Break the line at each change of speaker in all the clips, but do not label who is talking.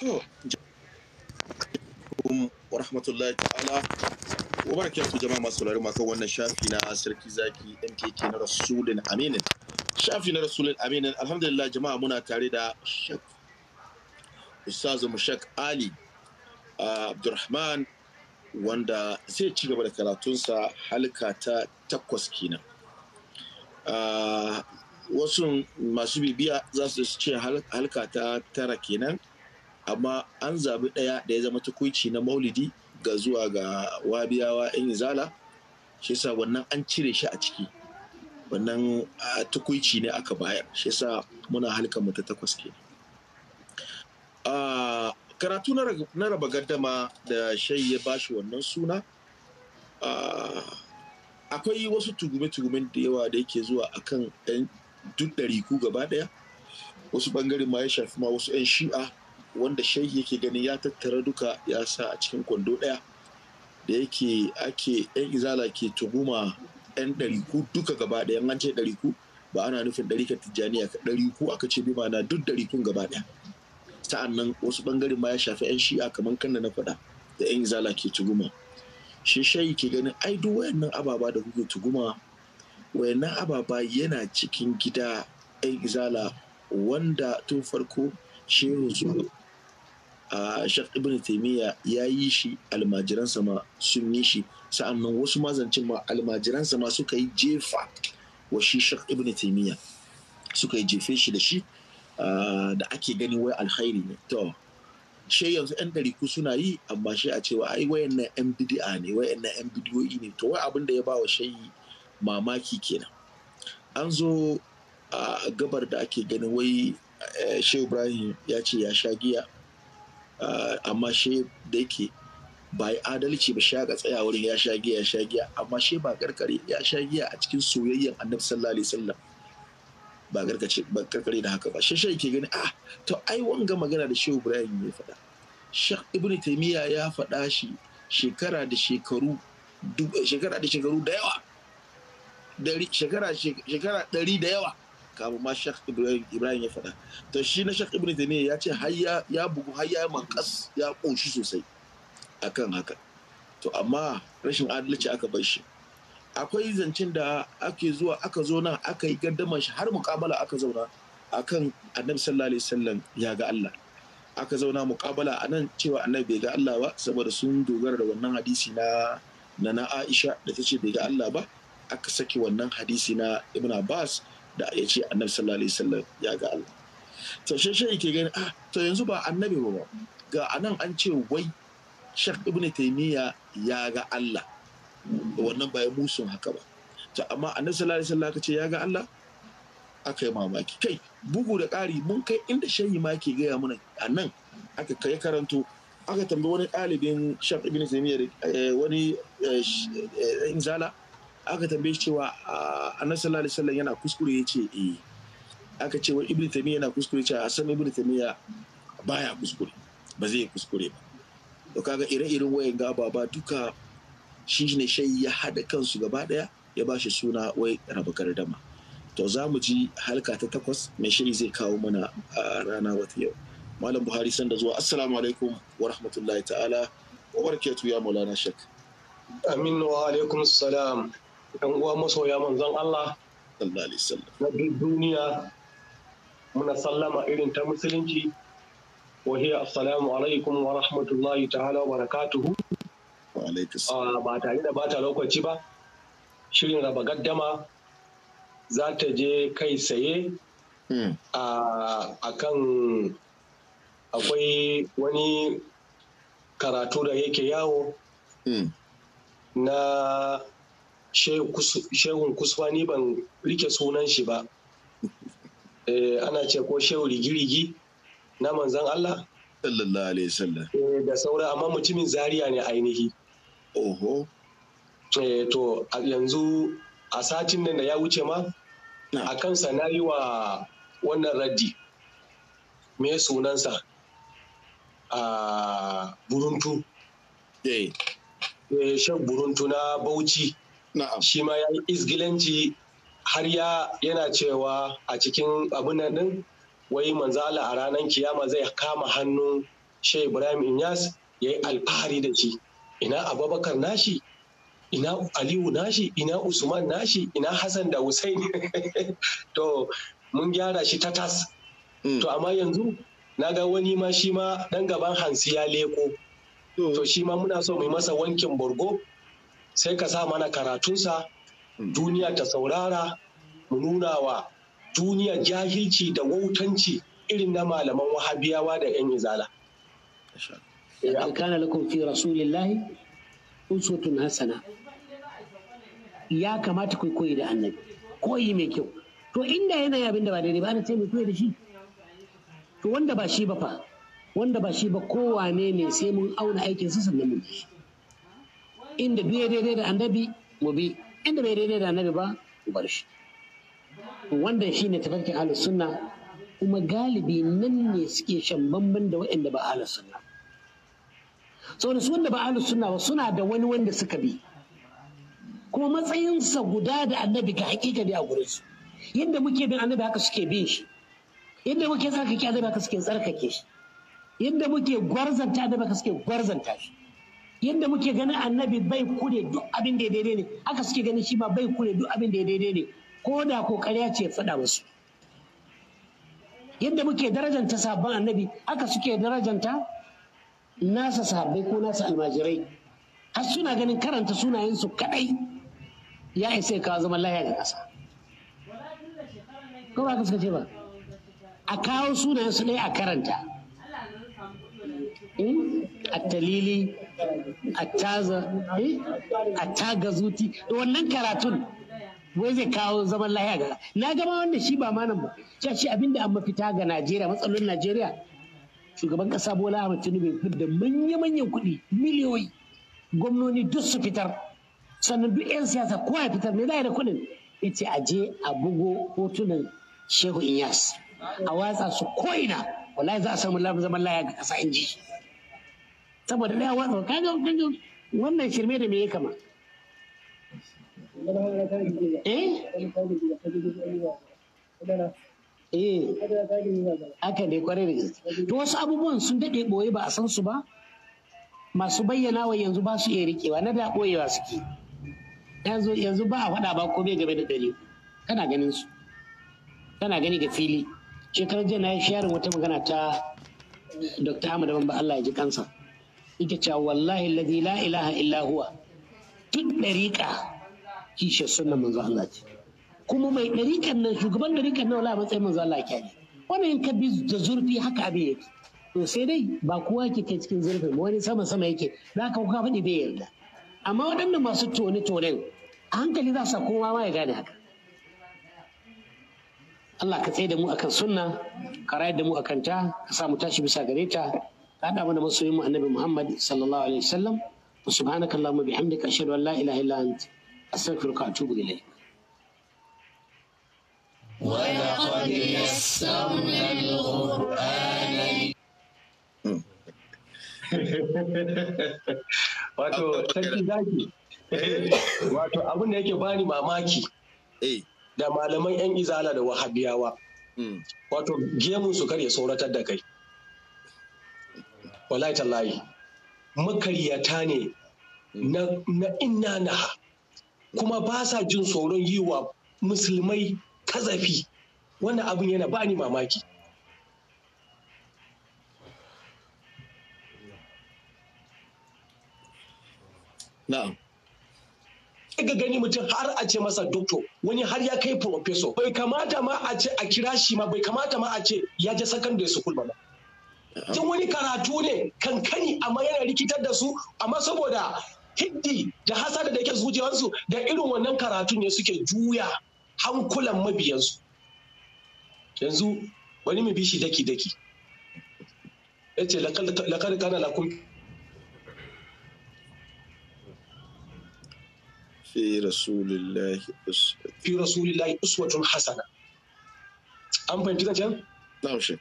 To, ta'ala jama'a masu saurari maka wannan shafi na sarki zaki MKK na Rasulun Aminin. Shafi na Rasulun Aminin alhamdulillah jama'a muna tare da Shek Ustazu Mushak Ali Abdulrahman wanda zai ci gaba da karatunsa halka ta takwas kenan. wasu masu bibiya za su ce halka ta tara kenan amma an zabi ɗaya da ya zama tukuici na maulidi ga zuwa ga wabiyawa yan izala shi yasa wannan an cire shi a ciki wannan tukuici ne aka bayar shi yasa muna halka mu ta takwas ke karatu na raba gardama da shai ya bashi wannan suna akwai wasu tugume-tugumen da yawa da yake zuwa akan kan duk ɗariku gaba ɗaya wasu bangare ma ya shafi ma wasu 'yan shi'a wanda shehi yake gani ya tattara duka ya sa a cikin kwando ɗaya da yake ake yan izala ke tuguma yan ɗariku duka gaba ɗaya an ce ɗariku ba ana nufin ɗarikar tijjaniya ka ɗariku aka ce bima na duk ɗarikun gaba ɗaya sa'an nan wasu ɓangaren ma ya shafi yan shi'a kamar kanna na faɗa da yan izala ke tuguma shi shayi ke ganin ai duk wayannan ababa da kuke tuguma wayannan ababa yana cikin gida yan izala wanda tun farko shehu zuwa a shaf ibn taimiyya ya yi shi almajiransa ma sun yi shi sa'annan wasu mazancin ma almajiransa ma suka yi jefa wa shi shaf ibn taimiyya suka yi jefe shi da shi da ake gani wai alkhairi ne to shi yanzu yan dariku suna yi amma shi a cewa ai wayannan yan bidi'a ne wayannan yan bidiyoyi ne to wai abin da ya ba wa shayi mamaki kenan an zo a gabar da ake gani wai eh, shehu ibrahim ya ce ya sha giya Eh, amma shi da yake ba yi adalci ba sha ga tsaya wurin ya sha giya ya sha giya amma shi ba karkare ya sha giya a cikin soyayyen annabi sallallahu alaihi wasallam ba karkace ba karkare da haka ba shi shi yake gani ah to ai wanga magana da Shehu Ibrahim ya faɗa Sheikh Ibn Taymiyyah ya faɗa shi shekara da shekaru shekara da shekaru da yawa shekara shekara ɗari da yawa kamar ma Sheikh Ibrahim ya faɗa to shi na Sheikh Ibrahim Taymiyyah ya ce ya bugu har ya makas ya ƙoshi sosai akan haka to amma rashin adalci aka bar shi akwai zancen da ake zuwa aka zo nan aka yi gaddamar shi har muƙabala aka zauna akan annabi sallallahu alaihi wasallam ya ga Allah aka zauna muƙabala a nan cewa annabi bai ga Allah ba saboda sun dogara da wannan hadisi na na na Aisha da ta ce bai ga Allah ba aka saki wannan hadisi na Ibn Abbas da ya ce annabi sallallahu alaihi wasallam ya ga Allah to shi shi yake gani ah to yanzu ba annabi ba ga anan an ce wai Sheikh Ibn taymiya ya ga Allah wannan ba ya musun haka ba to amma annabi sallallahu alaihi wasallam ce ya ga Allah aka yi mamaki kai bugu da ƙari mun kai inda shayi ma ke gaya mana a nan aka kai karanto aka tambayi wani ɗalibin shafi Ibn Taymiyyah eh, wani eh, eh, inzala aka tambaye shi cewa annabi sallallahu alaihi wasallam yana kuskure yace eh aka ce wa ibnu tamiya yana kuskure yace a san ibnu tamiya baya kuskure ba zai kuskure ba to kaga ire-iren wayan gaba ba duka shi ne shai ya haɗa kansu gaba ɗaya ya ba shi suna wai raba gardama to za mu ji halka ta takwas mai shiri zai kawo mana a rana wata yau malam buhari sanda zuwa assalamu alaikum wa rahmatullahi ta'ala wa barakatu ya maulana shak amin wa alaikum salam ɗan uwa masoya manzon Allah na duk
duniya muna sallama irin ta musulunci wa hiya assalamu alaikum wa rahmatullahi ta'ala wa barakatuhu ah, ba tare da bata lokaci ba shirin raba gaddama za ta je kai saye hmm. a kan akwai wani karatu da yake yawo hmm. na shehun kusfani ban rike sunan shi ba eh, ana ce ko shehu rigirigi na manzan Allah sallallahu alaihi wasallam eh, da saura amma mutumin zaria ne ainihi oho eh, to yanzu a satin nan da ya wuce ma a kansa na yi wa wannan raddi me sunansa a buruntu shan buruntu na bauchi shi ma ya yi izgilanci har ya yana cewa a cikin abin nan din wai manzala a ranar kiyama zai kama hannun shi ibrahim inyas ya yi alfahari da shi ina abubakar nashi ina aliyu nashi ina usman nashi ina hassan da hussein to mun gyara shi ta tas hmm. to amma yanzu na ga wani ma shi ma dan gaban hansi ya leko hmm. to shi ma muna so mu masa wankin borgo sai ka sa mana karatunsa hmm. duniya ta saurara mu nuna wa duniya jahilci da wautanci irin na malaman wahabiyawa da yan izala
kana lakum fi rasulillahi uswatun hasana ya kamata ku koyi da annabi koyi mai kyau to inda yana yi da ba daidai ba ana ce mu koyi da shi to wanda ba shi ba fa wanda ba shi ba kowa ne sai mun auna aikin su sannan mun shi inda biye daidai da annabi mu bi inda bai daidai da annabi ba mu bar shi wanda shi ne tafarkin ahlus sunna kuma galibi nan ne suke shan bamban da waɗanda ba ahlus sunna saboda su wanda ba ahlus sunna ba suna da wani wanda suka bi kuma matsayinsa guda da annabi ga hakika ne a gurin su yadda muke bin annabi haka suke bin shi yadda muke tsarkake annabi haka suke tsarkake shi yadda muke gwarzanta annabi haka suke gwarzanta shi yadda muke ganin annabi bai kure duk abin da ya daidai ne haka suke ganin shi ma bai kure duk abin da ya daidai ne ko da ko ƙarya ce faɗa musu yadda muke darajanta sabon annabi haka suke darajanta nasa sahabbai ko nasa almajirai har suna ganin karanta sunayensu kadai ya isa kawo zaman lahiya ga ƙasa ko ba ka ce ba a kawo sunayensu ɗaya a karanta hmm? a talili a eh? taga zuti da wannan karatun wai zai kawo zaman lahiya ga na gama wanda shi ba manan ba cewa shi abinda an mafita ga najeriya matsalolin najeriya shugaban kasa bola Ahmad tinubu ya da manya-manyan kuɗi miliyoyi gwamnoni duk su fitar sannan duk 'yan siyasa kowa ya fitar ne, za da kuɗin ya ce a je a bugo hotunan shehu inyas a watsa su ko'ina wallahi za a samu zaman lahiya ga kasa in ji saboda da yawa kaga wannan shirme da me ya kama eh eh aka ne kwarai da gaske to wasu abubuwan sun daɗe ɓoye ba a san su ba masu bayyana wa yanzu ba su iya rikewa na da su suke yanzu ba a faɗa ba bai game da dare kana ganin su kana gani ga fili shekarar jiya na yi sharin wata magana ta dr Ahmadu ba allah ya ji kansa yake cewa wallahi alladhi la ilaha illa huwa duk dariƙa kishe sunan manzo Allah ce kuma mai dariƙan nan shugaban dariƙan nan wallahi matsayin manzo Allah ke wannan in ka bi da zurfi haka abin yake to sai dai ba kowa ke kai cikin zurfin wani sama sama yake za ka kuka faɗi bai yarda amma waɗanda masu tone tonen a hankali za su kowa ma ya gane haka Allah ka tsaye da mu akan sunna ka rayar da mu akan ta ka sa mu tashi bisa gare ta hada mana masoyin mu annabi Muhammad sallallahu alaihi wasallam wa subhanaka allahumma bihamdika ashhadu an la ilaha illa anta astaghfiruka wa atubu ilayk
ولقد يسرنا القرآن
wato sarki zaki wato abin da yake bani mamaki eh. da malaman 'yan izala da wahabiyawa hmm. wato gemun su kar ya tsoratar da kai wallahi tallahi makaryata ne na inna na kuma ba sa jin tsoron yi wa musulmai kazafi wannan abin yana ba ni mamaki na'am ga gani mutum har a ce masa doktor wani har ya kai professor bai kamata ma a ce a kira shi ma bai kamata ma a ce ya je secondary school ba Tun wani karatu ne kankani amma yana rikitar da su amma saboda hiddi da hasada da ke zuciyarsu da irin wannan karatun ne suke juya hankulan mabiyansu. Yanzu wani mu bi shi daki-daki. Ya ce lakar kana lakun
fi rasulillahi uswatun hasana. An fahimci zancen? Na'am shek.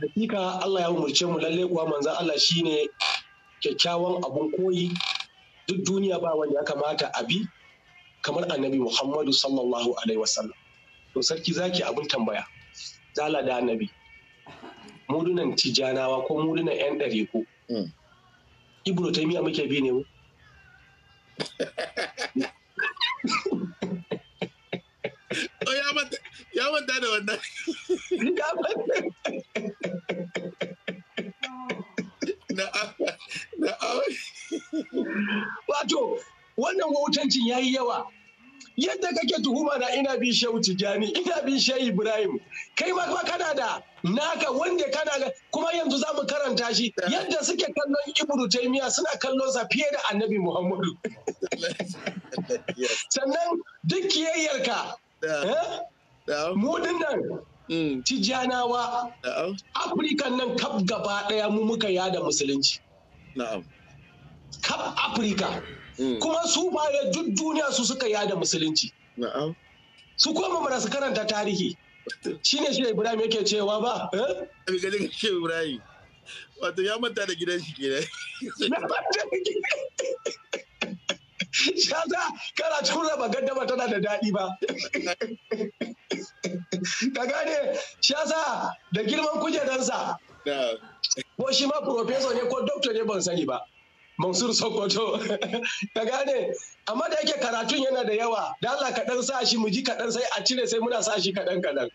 hakika Allah ya umarce mu lalle kuwa manzo Allah shine kyakkyawan abun koyi duk duniya ba wanda ya kamata a bi kamar annabi Muhammadu sallallahu alaihi wasallam to sarki zaki abun tambaya zala da annabi mudunan tijanawa ko mudunan yan ɗare ko hmm. ibnu taymiya muke bi ne mu ya mata
ya manta da wannan
na? wato wannan wautancin ya yi yawa yadda kake tuhuma na ina bin shehu tijani ina bin shehu ibrahim kai ma kana da naka wanda kana da kuma yanzu za mu karanta shi yadda suke kallon ibnu taimiya suna kallon sa fiye da annabi muhammadu sannan duk kiyayyarka mu dinnan mm. tijjanawa afirkan nan kaf gaba daya mu muka yada musulunci kaf afirka mm. kuma su baya duk duniya su suka yada musulunci su koma mara su karanta tarihi shine shi ibrahim yake cewa ba ce eh? ibrahim
wato ya manta da gidan shi kenan Shata kana cikin raba ba tana da daɗi ba
ka gane shasa da girman kujeransa ko shi ma professor ne ko doktor ne ban sani ba Mansur Sokoto ka gane amma da yake karatun yana da yawa da Allah kaɗan sa shi mu ji kaɗan sai a cire sai muna sa shi
kaɗan kaɗan.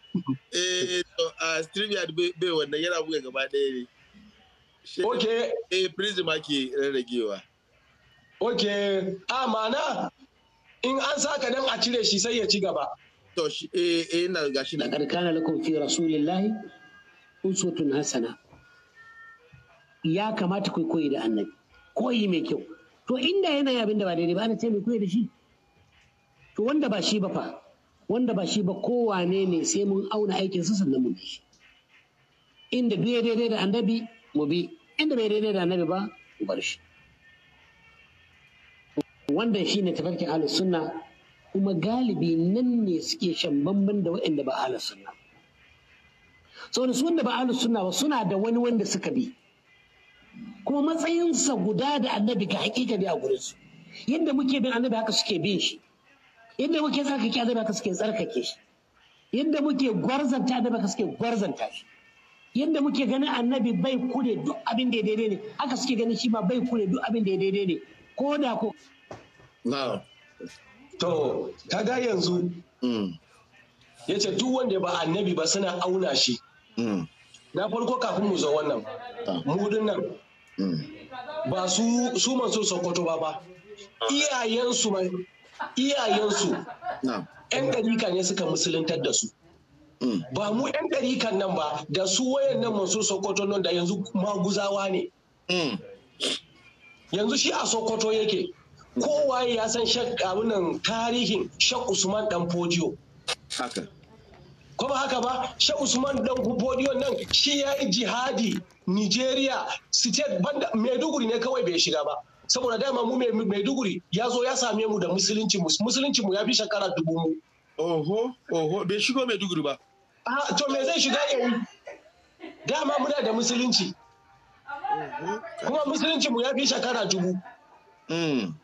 Eh to a Strivia bai wannan yana buga gaba ɗaya ne. Ok. Eh Prism ake rarragewa.
ok a mana in an saka don a cire shi sai ya ci gaba to shi eh, eh na
ga shi na karkana lakum fi rasulillahi uswatun hasana ya kamata ku koyi da annabi koyi mai kyau to inda yana yi abinda da ba daidai ba na ce mai koyi da shi to wanda ba shi ba fa wanda ba shi ba kowane ne sai mun auna aikin su sannan mun shi inda bai daidai da annabi mu bi inda bai daidai da annabi ba mu bar shi Wanda shi ne tafarkin ahlus sunna kuma galibi nan ne suke shan bamban da waɗanda ba ahlus sunna saboda su wanda ba ahlus sunna ba suna da wani wanda suka bi kuma matsayinsa guda da annabi ga hakika ne a gurin su yadda muke bin annabi haka suke bin shi yadda muke tsarkake annabi haka suke tsarkake shi yadda muke gwarzanta annabi haka suke gwarzanta shi yadda muke ganin annabi bai kure duk abin da ya daidai ne haka suke ganin shi ma bai kure duk abin da ya daidai ne ko da ko
to kaga yanzu mm. ya ce duk wanda ba annabi ba suna auna shi mm. na farko kafin mu zo wannan mudun nan mm. ba su masu sokoto ba ba iyayensu ba, iyayensu yan ɗarika ne suka musuluntar da su ba mu yan ɗarikan nan ba da su wayan nan masu sokoto nan da yanzu maguzawa ne yanzu shi a sokoto yake kowa ya san abunan tarihin shak usman dan fodiyo haka ko ba haka ba shak usman dan fodiyo nan shi ya yi jihadi nigeria state banda maiduguri ne kawai bai shiga ba saboda dama mu maiduguri ya zo ya same mu da musulunci musulunci mu ya fi shekara dubu mu oho oho bai shigo maiduguri ba
a to me zai shiga yayi
dama muna da musulunci kuma musulunci mu ya fi shekara dubu Mm.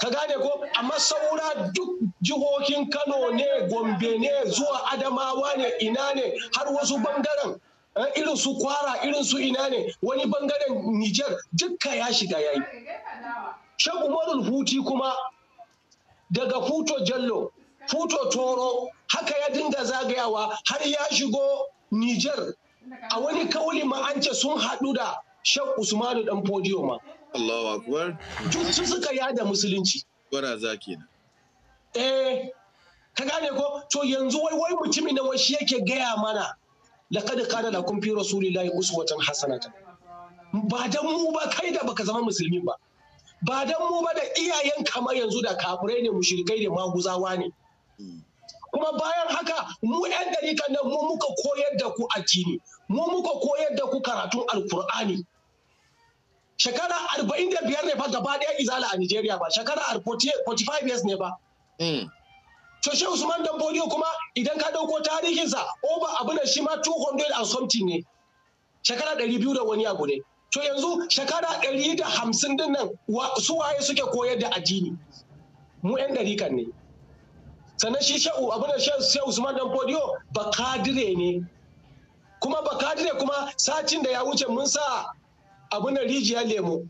ka gane ko a saura duk jihohin kano ne gombe ne zuwa adamawa ne ina ne har wasu bangaren eh, irin su kwara irin su ina ne wani bangaren niger dukka ya shiga yayi shan umarul huti kuma daga futo jallo futo toro haka ya dinga zagayawa har ya shigo niger
a wani kauli ma'ance sun haɗu
da shan usmanu dan ma Allahu akbar. suka yada musulunci.
E, kenan.
Eh, ka gane ko to yanzu wai wai mutumin na wai shi yake gaya mana laqad kana lakum fi rasulillahi uswatan hasanatan. Ba dan mu ba kai da baka zama musulmi ba. Ba dan mu ba da iyayen kamar yanzu da kafirai ne mushrikai ne maguzawa ne. Hmm. kuma bayan haka mu 'yan ɗarikan nan mu muka koyar da ku addini mu muka koyar da ku karatun alkur'ani shekara arba'in da biyar ne fa gaba ɗaya izala a Nigeria ba shekara 45 years ne ba. Hmm. To shi Usman Dambodiyo kuma idan ka ɗauko tarihinsa ba abu da shi ma 200 and something ne shekara ɗari biyu da wani abu ne. To yanzu shekara ɗari da hamsin din nan su waye suke koyar da addini mu 'yan ɗarikan ne. Sannan shi shehu abu da shi Usman Dambodiyo ba kadire ne. Kuma ba kadire kuma satin da ya wuce mun sa abu na rijiya lemo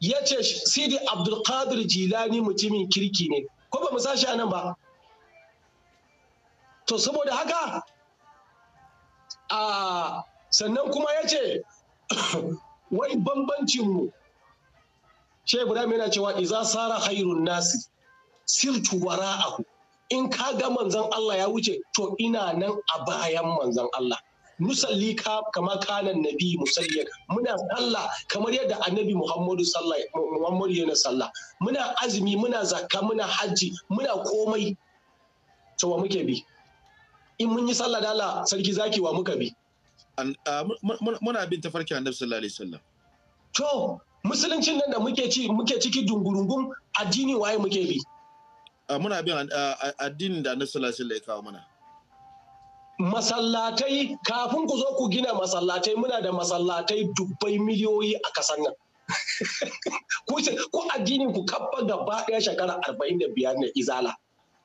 ya ce sidi abdulkadir jilani mutumin kirki ne ko ba mu sashi a nan ba to saboda haka a sannan kuma ya ce wai bambancinmu shi ibrahim yana cewa iza sara hairun nasi sirtu wara'ahu in ka ga manzon Allah ya wuce to ina nan a bayan manzan Allah nusalli kama kanan nabi musalli muna sallah kamar yadda annabi muhammadu sallah muhammadu yana sallah muna azumi muna zakka muna hajji muna komai to wa muke bi in
mun yi sallah da Allah sarki zaki wa muka bi muna bin tafarki annabi sallallahu alaihi wasallam to musuluncin nan da muke ci muke ciki dungurungun addini waye muke bi muna bin addinin da annabi sallallahu alaihi wasallam ya kawo mana
masallatai kafin ku zo ku gina masallatai muna da masallatai dubbai miliyoyi a kasar nan ku addinin ku kabba gaba ɗaya shekara arba'in da biyar na izala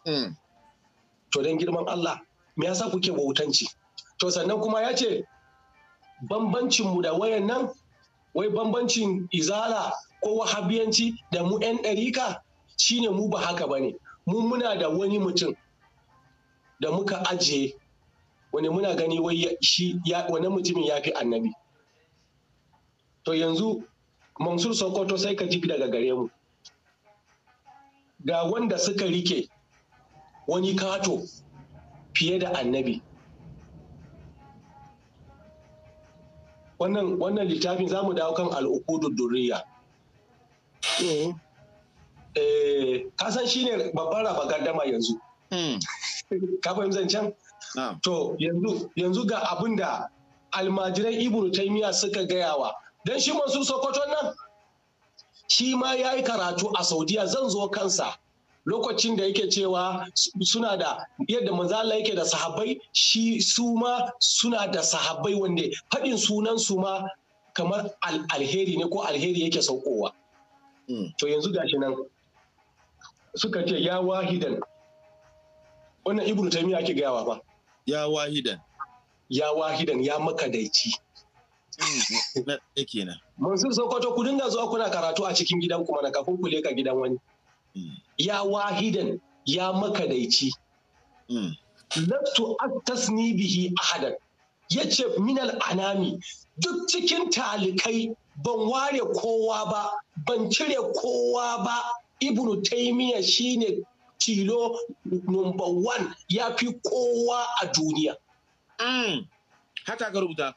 hmm. to don girman Allah me yasa kuke wautanci to sannan kuma ya ce mu da wayan nan wai bambancin izala ko wahabiyanci da mu 'yan ɗarika shine mu ba haka ba ne mu muna da wani mutum da muka ajiye wani muna gani wai shi wani mutumin ya fi annabi to yanzu mansur sokoto sai ka ji daga gare mu ga wanda suka rike wani kato fiye da annabi wannan wannan littafin za mu dawo kan al'ukudu duriya eh. Eh, kasan shi ne babban raba gardama yanzu hmm. ka fahimzan can to yanzu yanzu ga abin da almajiran ibnu taymiya suka gayawa dan shi mansur sokoto nan shi ma ya yi karatu a saudiya zan zo kansa lokacin da yake cewa suna da yadda manzala yake da sahabbai shi su ma suna da sahabbai wanda faɗin sunan su ma kamar alheri ne ko alheri yake saukowa hmm. to yanzu gashi nan suka ce ya wahidan wannan ibnu taymiya ake gayawa ba ya wahidan ya wahidan ya makadaici mm, Sokoto ku dinga zuwa kuna karatu a cikin gidan kuma na kafin ku leka gidan wani. Mm. Ya wahidan ya makadaici. Mm. Laftu tasni bihi ahadan. Ya ce minal anami duk cikin talikai ban ware kowa ba, ban cire kowa ba. Ibnu taimiya shine tilo number one ya fi kowa a duniya. Mm. Haka aka rubuta?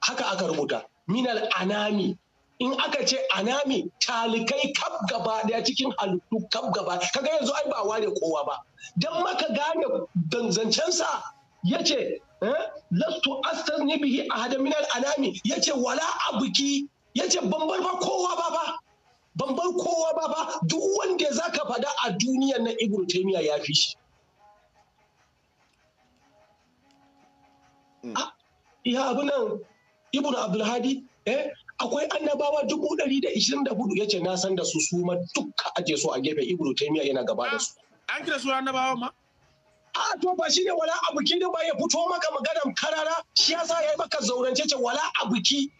Haka aka rubuta. Minal anami in aka ce anami talikai kaf gaba daya cikin halittu kaf gaba kaga yanzu ai ba ware kowa ba Don maka gane zancensa ce eh, lastu ne bihi a hada minal anami ya ce, wala abuki yace ban bar ba kowa ba ba ban bar kowa ba ba duk wanda za ka faɗa a duniyan nan ibnu taimiya ya fi shi hmm. ah, ya abu nan ibnu abdulhadi eh akwai annabawa dubu ɗari da ishirin da hudu yace na san da su su ma duka aje su a gefe ibnu taimiya yana gaba da su ah, an kira su annabawa ma a ah, to ba shi ne wala abuki da ba ya fito maka maganan karara shi yasa ya yi maka zaurance ce wala abuki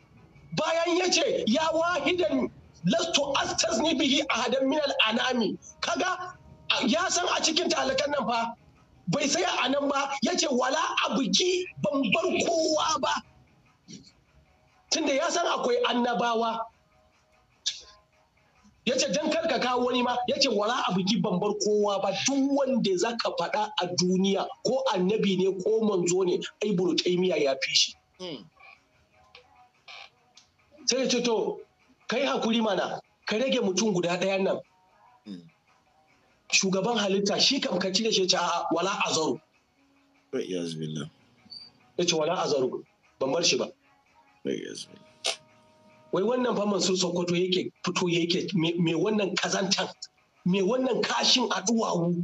bayan ya ce ya wahidan lastu ni bihi ahadan min al'anami kaga ya san a cikin talakan nan fa bai saya a nan ba ya ce wala abuki ban bar kowa ba tunda ya san akwai annabawa ya ce don karka kawo wani ma ya ce wala abuki ban bar kowa ba duk wanda za ka faɗa a duniya ko annabi ne ko manzo ne ai buru ya fi shi hmm. sai ya ce to kai hakuri mana ka rage mutum guda ɗayan nan shugaban halitta shi kam ka cire shi a wala azaru ya ce wala azaru ban bar shi ba wai wannan faman sun sokoto yake fito yake mai wannan kazantan me wannan kashin a duwawu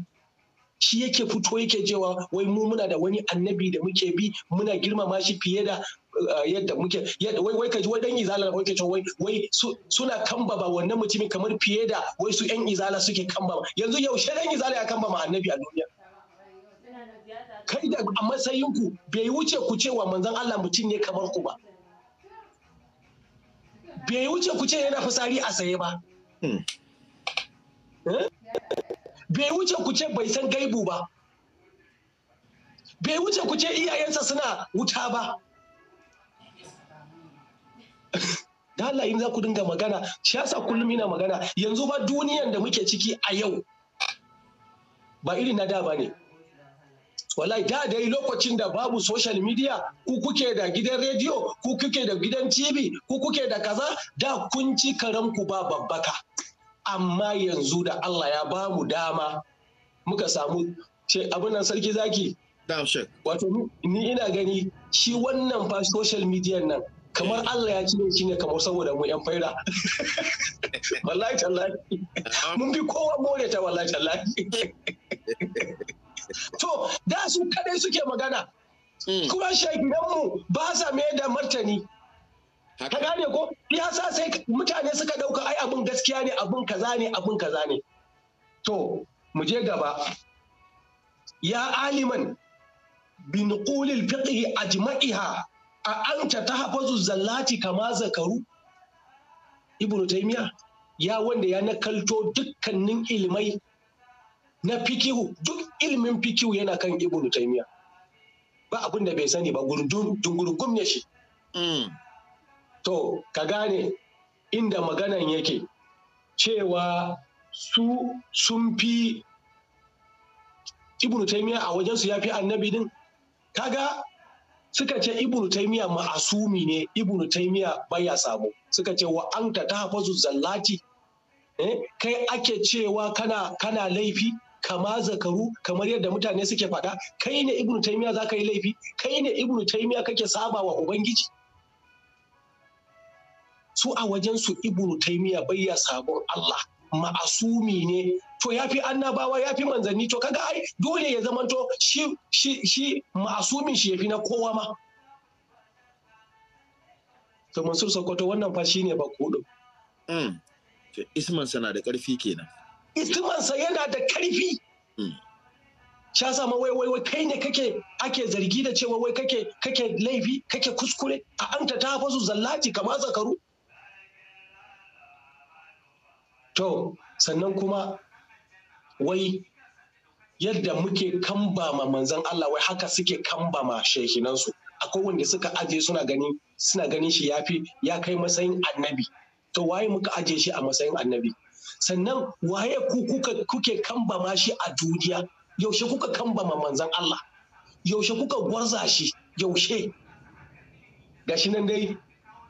shi yake fito yake jewa, wai mu muna da wani annabi da muke bi muna girmama shi fiye da Eh, yadda muke wai wai kaji wai dan izala wai kaji wai wai suna kambaba wannan mutumi kamar fiye da wai su yan izala suke kambaba yanzu yaushe dan izala ya kambama annabi a duniya kai da a matsayinku bai wuce ku cewa manzon Allah mutum ne kamar ku ba bai wuce ku ce yana fasari a saye ba hmm. eh? bai wuce ku ce bai san gaibu ba bai wuce ku ce iyayensa suna wuta ba da Allah in za ku dinga magana shi yasa kullum ina magana yanzu ba duniyan da muke ciki a yau ba irin na da ba ne wallahi da dai lokacin da babu social media ku kuke da gidan rediyo ku kuke da gidan tv ku kuke da kaza da kun ci ku ba babbaka amma yanzu da Allah ya ba mu dama muka samu ce abin nan sarki zaki wato ni ina gani shi wannan fa social media nan kamar eh. Allah ya cire shi ne kamar saboda mu yan faira wallahi tallahi mun fi kowa more ta wallahi tallahi to da su kadai suke magana hmm. kuma mu ba sa mai da martani ka gane ko ya sa sai mutane suka dauka ai abun gaskiya ne abun kaza ne abun kaza ne to mu je gaba ya aliman bin qulil fiqhi ajma'iha a anta ta hafazu zallati kama zakaru ibnu taimiya ya wanda ya nakalto dukkanin ilmai na fikihu duk ilmin fikihu yana kan ibnu taimiya ba abin da bai sani ba dungurugum ne shi hmm. to ka gane inda maganan yake cewa su sun fi ibnu taimiya a wajensu ya fi annabi din kaga suka ce ibnu taimiya ma'asumi ne ibnu bai baya samu suka ce wa ta tahfazu zallati eh, kai ake cewa kana kana laifi kama zakaru kamar yadda mutane suke faɗa kai ne ibnu za ka yi laifi kai ne ibnu taimiya kake saba wa ubangiji su a wajensu ibnu taimiya bai ya sabon Allah ma'asumi ne to ya fi annabawa ya fi manzanni to kaga ai dole ya zamanto shi shi shi ma'asumin shi ya fi na kowa ma to mansur sokoto wannan
fa shine ba kudu mm. ismansa na da karfi kenan
ismansa yana da karfi mm. sha sama wai wai wai kai ne kake ake zargi da cewa wai kake kake laifi kake kuskure a anta ta fasu zallaci kamar zakaru to sannan kuma wai yadda muke kambama manzan Allah wai haka suke kambama shekinansu akwai wanda suka ajiye suna gani suna ganin shi yafi ya kai matsayin annabi to waye muka ajiye shi a matsayin annabi sannan waye ku kuka kuke kambama shi a duniya yaushe kuka kambama manzan Allah yaushe kuka gwarza shi yaushe gashi nan dai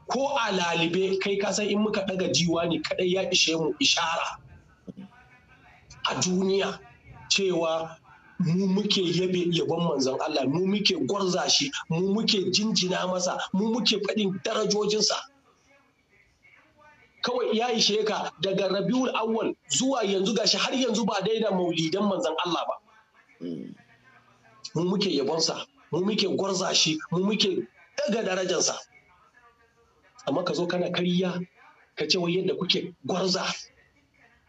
ko a lalibe kai kasan in muka daga jiwa ne kadai ya ishe mu ishara a duniya cewa mu muke yabe yabon manzon Allah mu muke gwarza shi mu muke jinjina masa mu muke faɗin darajojinsa kawai ya yi sheka daga rabiul awwal zuwa yanzu gashi har yanzu ba daida maulidan manzon Allah ba mu muke yabonsa mu muke gwarza shi mu muke daga darajarsa amma ka zo kana kariya ka ce wai yadda kuke gwarza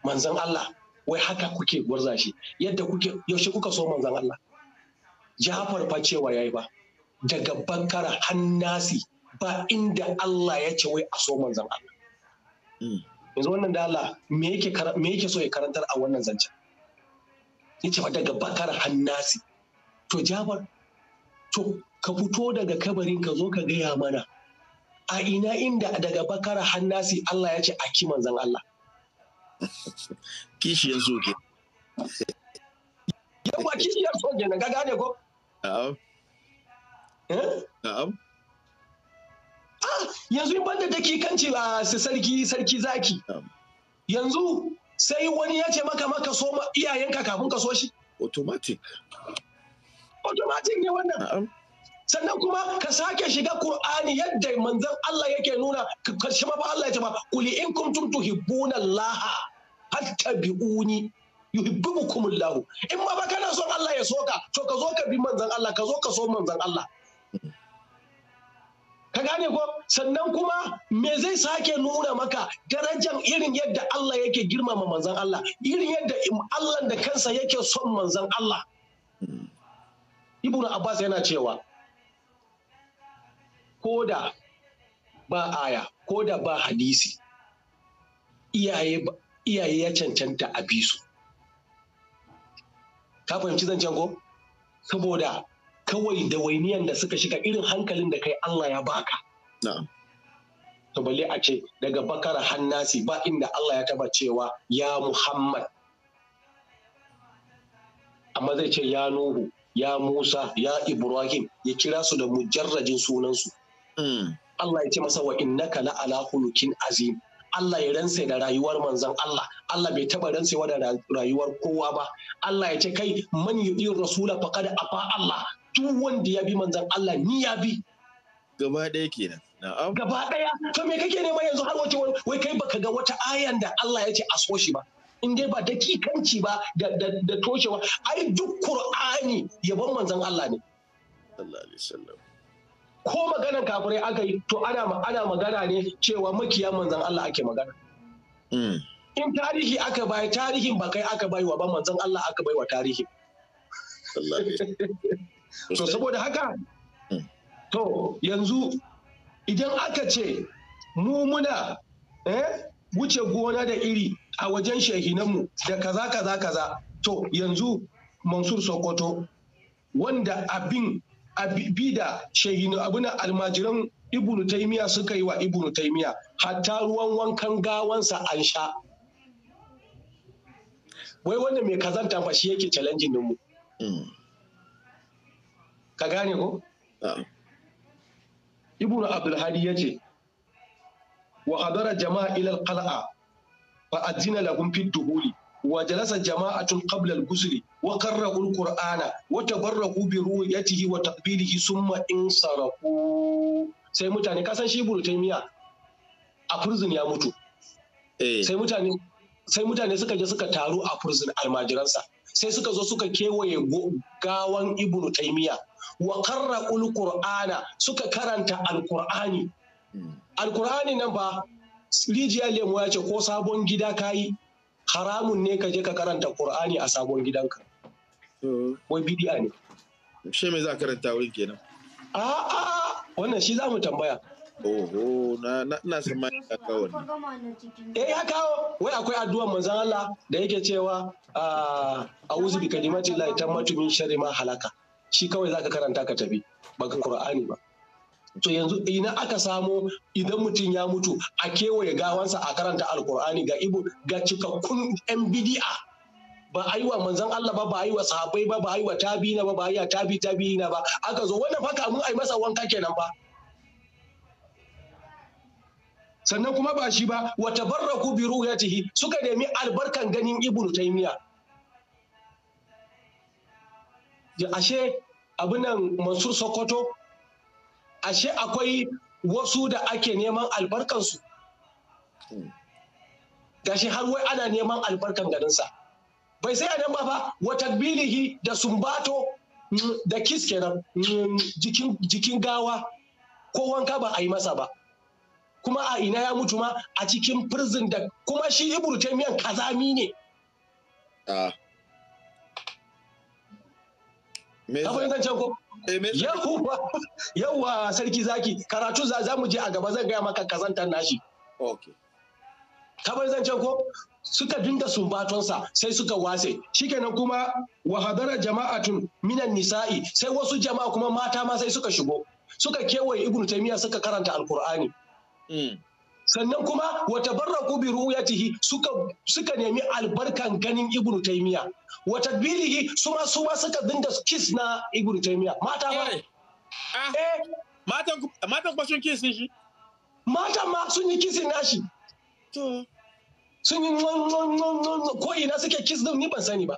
manzon Allah wai haka kuke gwarza shi yadda kuke yaushe kuka so manzan Allah Jafar fa cewa yayi ba daga bankara hannasi ba inda Allah ya ce wai a so manzan Allah hmm. yanzu wannan da Allah me yake so ya karantar a wannan zancen yace fa daga bakara hannasi to Jafar to ka fito daga kabarin ka zo ka gaya mana a ina inda daga bakara hannasi Allah ya ce a ki manzan Allah kishiyar soke. Yawwa kishiyar soke na nan ka gane ko na'am eh? na'am ah yanzu in banda dakikanci a ah, sarki sarki zaki yanzu sai wani ya ce maka maka so iyayenka kafin ka so shi automatic automatic ne wannan sannan kuma ka sake shiga Kur'ani yadda manzon Allah yake nuna ka shi ma Allah ya ce ba kuli in kuntum tuhibbuna Allah fattabi'uni yuhibbukumullahu in ma ba kana son Allah ya soka to ka zo ka bi manzon Allah ka zo ka so manzon Allah ka gane ko sannan kuma me zai sake nuna maka darajar irin yadda Allah yake girmama manzon Allah irin yadda Allah da kansa yake son manzon Allah ibnu Abbas yana cewa koda ba aya koda ba hadisi iyaye iyaye ya cancanta a bi su ka fahimci zancen ko saboda kawai da wainiyan da suka shiga irin hankalin da kai Allah ya baka to balle a ce daga bakara hannasi ba inda Allah ya taba cewa ya Muhammad amma zai ce ya Nuhu ya Musa ya Ibrahim ya kira su da mujarrajin sunansu hmm. Allah ya ce masa wa innaka la ala hulukin azim Allah ya rantse da rayuwar manzon Allah Allah bai taba rantsewa da rayuwar kowa ba Allah ya ce kai man yudir rasula faqad afa Allah duk wanda ya bi manzon Allah ni ya bi
gaba ɗaya kenan gaba ɗaya to me kake nema yanzu har wace
wai kai baka ga wata ayan da Allah ya ce a so ba in dai ba dakikanci ba da toshewa ai duk Qur'ani yabon manzon Allah ne sallallahu alaihi wasallam ko maganar kafirai aka yi to ana magana ne cewa makiya manzan Allah ake magana hmm. in tarihi aka bai tarihin bakai aka bai wa ba manzan Allah aka bai wa tarihi so saboda haka hmm. to yanzu idan aka ce mu muna eh, wuce gona da iri a wajen shehinanmu da kaza kaza kaza to yanzu mansur sokoto wanda abin bi da abu na almajiran ibnu taimiya suka yi wa ibnu taimiya hatta ruwan wankan gawansa an sha wai wanda mai kazanta fa shi yake challenging mu hmm. ka gane ko ibnu abdulhadi ya yace wa hadara jama'a ila alqal'a fa adina lahum fi dhuhuli wa jalasa jama'atun qabla al-ghusli وقرأوا القرآن وتبرقوا برؤيته وتقبيله ثم انصرفوا wa taqbilihi summa insarafu sai mutane kasan shi ibnu taymiya a prison ya mutu eh. sai mutane sai mutane suka je suka taru a prison almajiransa sai suka zo suka kewaye gawan ibnu taymiya wa qarra'ul qur'ana suka karanta alqur'ani hmm. alqur'ani nan ba rijiya lemo ya ce ko sabon gida kai haramun ne ka je ka karanta
qur'ani a sabon gidanka wai bidiya ne shi mai za karanta wurin kenan a'a wannan shi za mu tambaya oho na na san ma ya
kawo
eh ya kawo
wai akwai addu'ar manzon Allah da yake cewa a ah, a'udhu bi kalimati llahi tammatu min sharri ma halaka shi kawai zaka karanta ka ba baka qur'ani ba to yanzu ina aka samo idan mutum ya mutu a kewaye gawansa a karanta alkur'ani ga ibo ga cikakkun yan bidi'a ba a yi wa manzon Allah ba ba a yi wa sahabbai ba ba a yi wa tabi'ina ba ba a yi wa tabi tabi'ina ba aka zo wannan fa kamun a yi masa wanka kenan ba sannan kuma ba shi ba wa tabarraku bi ruhiyatihi suka nemi albarkan ganin ibnu taymiya ashe abin nan mansur sokoto ashe akwai wasu da ake neman albarkansu gashi har wai ana neman albarkan ganinsa bai sai nan ba fa wa takbilihi da sumbato mm, da kis kenan mm, jikin gawa ko wanka ba a yi masa ba kuma a ina ya mutu ma a cikin prison da kuma shi ibru taymiyan kazami ne yauwa ah. ko? Eh, sarki zaki karatu za mu je a gaba zan gaya maka kazantar nashi. Okay. kamar zancen ko suka dinga sumbatonsa sai suka wase shikenan kuma wahadara jama'atun minan nisa'i sai wasu jama'a kuma mata ma sai suka shigo suka kewaye ibnu taymiya suka karanta alqur'ani hmm. sannan kuma wata barraku bi ru'yatihi suka suka nemi albarkan ganin ibnu taymiya wata bilihi suma suma suka dinga kiss na ibnu taymiya mata ma eh, ah. eh. matan matan kuma sun kiss shi matan ma sun yi kissin nashi sun yi ko ina suke kiss din ni ban sani ba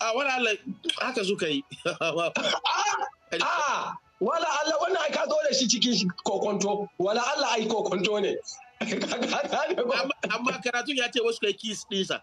a ah, wani Allah haka suka yi a
ah, wala Allah wannan ai ka zo da shi cikin kokonto wala Allah ai kokonto ne amma karatun ya ce wasu kai kiss sa a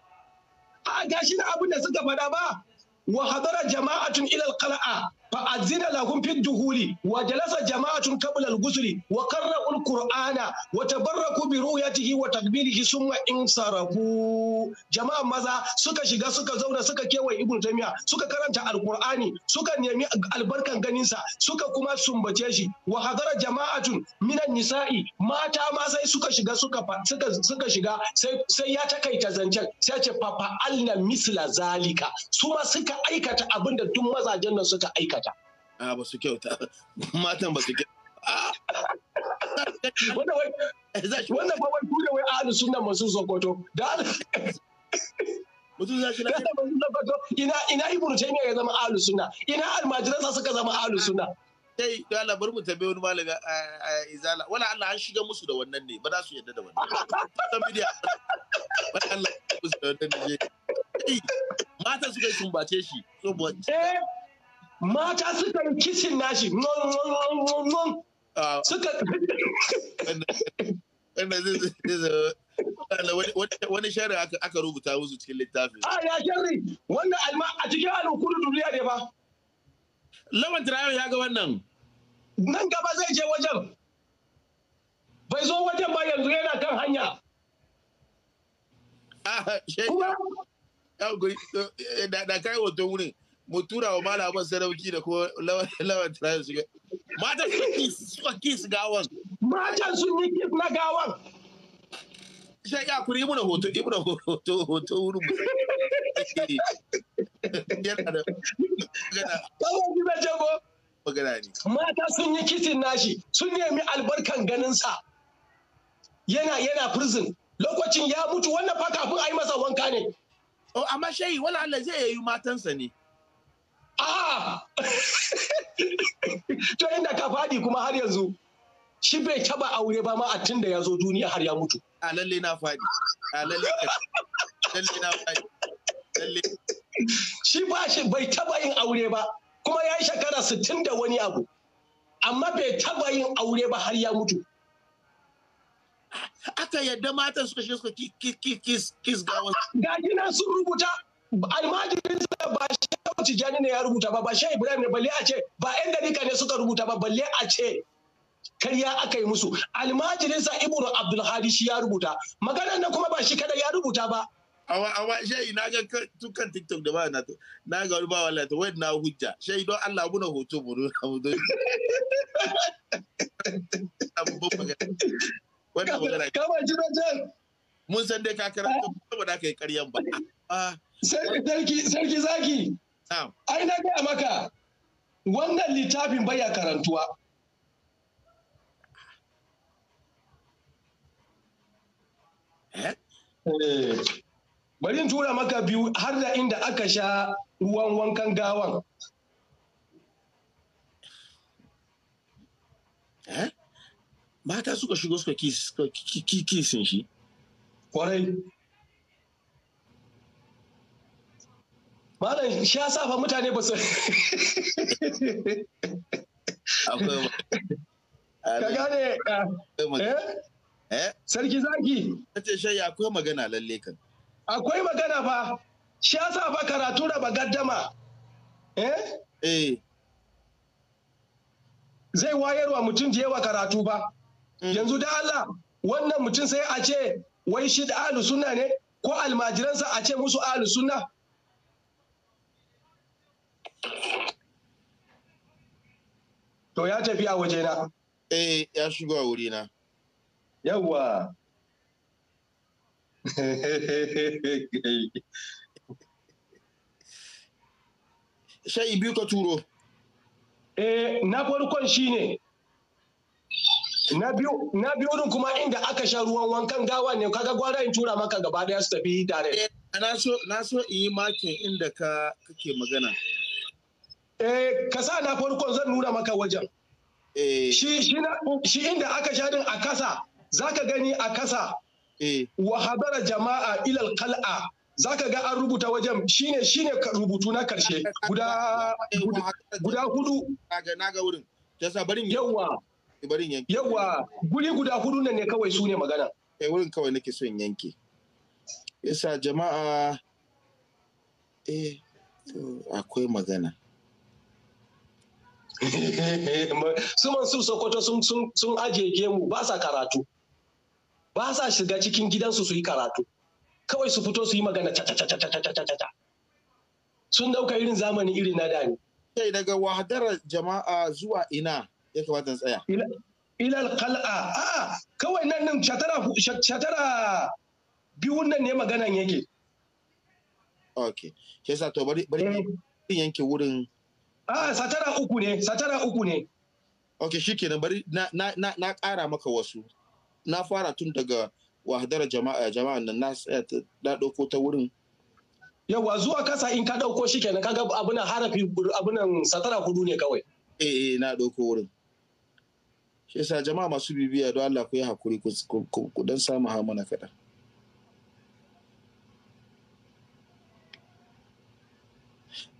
ah, gashi na abin da suka faɗa ba wa hadara jama'atun ilal qala'a فأذن لهم في الدخول wa جماعة قبل الغسل وقرأوا ya وتبركوا برؤيته وتقبيله in saraku. جماعة maza suka shiga suka zauna suka kewaye Ibn Taymiyyah suka karanta Alqur'ani suka nemi albarkan ganinsa suka kuma sumbace shi wa hadara jama'atun minan nisa'i mata ma sai suka shiga suka suka, shiga sai sai ya takaita zancen sai ce fa fa'alna misla zalika Suma suka aikata abinda duk mazajen nan suka aikata a ba su kyauta matan ba su kyauta wannan ba wai tura wai ahalu sunna masu sokoto da
mutum za shi ina ina ibnu taymiya ya zama ahalu sunna ina almajiransa suka zama ahalu sunna dai da Allah bar mu tambaye wani malami a izala wala Allah an shiga musu da wannan ne ba za su yadda da wannan san bidiya ba Allah musu da wannan ne mata suka sumbace shi so mata suka yi kisin nashi ah. suka wani shari aka rubuta musu cikin littafin. A ah, ya shari wannan alma a cikin alukuru duniya ne ba.
Lawan Tirayon ya ga wannan. Nan gaba zai je wajen.
Bai zo wajen ba yanzu yana kan hanya. Ah, Kuma? Da kai wato wurin. mu tura wa malaman sarauki da ko lawan tarayyar shiga. Matan sun kis, suka kis gawan. Matan sun yi kis na gawan. Shai ya kuri muna hoto, ibuna hoto, hoto wurin mu. Yana da jago. Magana
ne. Mata sun yi kisin nashi, sun nemi albarkan ganinsa. Yana yana prison. Lokacin ya mutu wannan fa kafin a yi masa wanka ne. Oh, amma shayi wala Allah zai yi matansa ne. a to inda ka faɗi kuma har yanzu shi bai taba aure ba ma a tun da ya zo duniya har ya mutu a lalle na faɗi a lalle lalle na faɗi lalle shi ba shi bai taba yin aure ba kuma ya yi shekara sittin da wani abu amma bai taba yin aure ba har ya mutu aka yadda matan suka shi suka kis gawa. Gaji na sun rubuta almajirin ba shi Tijjani ne ya rubuta ba ba Shehu Ibrahim ne balle a ce ba yan dariƙa ne suka rubuta ba balle a ce karya aka yi musu sa
Ibrahim Abdulhadi shi ya rubuta maganar na kuma ba shi kada ya rubuta ba awa awa shayi na ga tukan tiktok da ba na to na ga wani ba wallahi wai na hujja shayi don Allah na hoto mu na mu don wannan magana mun san dai ka karanta saboda kai karyan ba sarki sarki zaki ai na gaya maka
wannan littafin baya karantuwa eh? Eh, bari in tura maka biyu har da inda aka sha ruwan wankan gawan
eh? mata suka shigo suka kisin shi kwarai
Malam sha safa mutane ba su.
Ka gane. Eh? Eh? Sarki zaki. Kace shayya akwai magana lalle kan. Akwai magana fa. Sha safa karatu da bagaddama. Eh? Eh.
Zai wayarwa mutum da yawa karatu ba. Mm. Yanzu da Allah wannan mutum sai a ce wai shi da alu sunna ne ko almajiransa a ce
musu alu sunna. To ya tafi a wajena? Eh, ya shigo a wurina. Yawwa. Shai biyu ka turo.
Eh, na farkon shi ne. Na biyu din kuma inda aka sha ruwan wankan gawa ne kaga gwara in tura maka gaba daya su tafi tare. Eh, na
so in yi makin inda ka kake magana.
Eh, ka
sa na farkon zan nuna maka wajen. Eh. Shi inda aka sha din a kasa, za ka gani a kasa. Eh. Wa hadara jama'a ilal kal'a za
ka ga an rubuta wajen shi ne rubutu na karshe guda guda hudu. Na ga wurin. Yawwa. Yawwa guri guda hudu nan ne kawai su ne magana. Kai eh, wurin kawai nake son yanke. Yasa jama'a eh akwai magana.
su su Sokoto sun ajiye gemu ba sa karatu ba sa shiga cikin gidansu su yi karatu kawai su fito su yi magana ca
sun dauka irin zamani irin na dani kai daga wahadar jama'a zuwa ina ya kamata tsaya ilal qal'a a kawai nan nan shatara biyun nan ne maganan yake okay shi sa to bari bari eh. yanke wurin Ah, satara uku ne, satara uku ne. Ok, shi ke bari na, na, na, ƙara maka wasu. Na fara tun daga wahadar jama'a jama'an nan na da ɗauko ta wurin. Yawwa zuwa kasa in ka ɗauko shi kenan kaga abunan harafi abunan satara hudu ne kawai. Eh, eh, na ɗauko wurin. Shi yasa jama'a masu bibiya don Allah ku yi hakuri ku dan samu hamana kaɗan.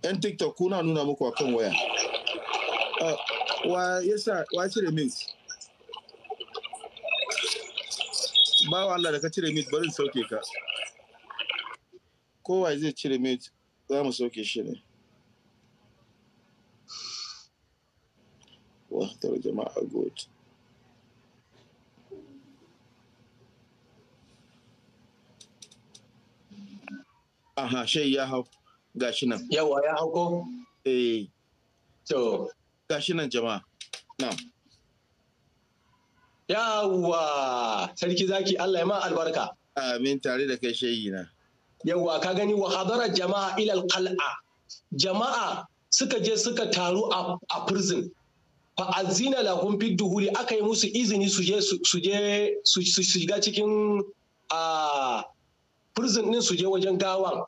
'yan tiktok kuna nuna muku a kan waya ah, wa yasa wa cire mint bawa Allah da ka cire mint barin sauke ka kowa zai cire mint za mu sauke shi ne wahtar jama'a good aha shai ya hau gashi nan yawa ya hauko eh to gashi nan jama'a na'am yawa sarki zaki Allah ya ma albarka amin tare da kai shehi na yawa ka gani wa hadara jama'a ilal qal'a jama'a suka je suka taru
a prison fa azina lahum fi duhuri aka yi musu izini su je su je su shiga cikin a ah, prison din su je wajen gawan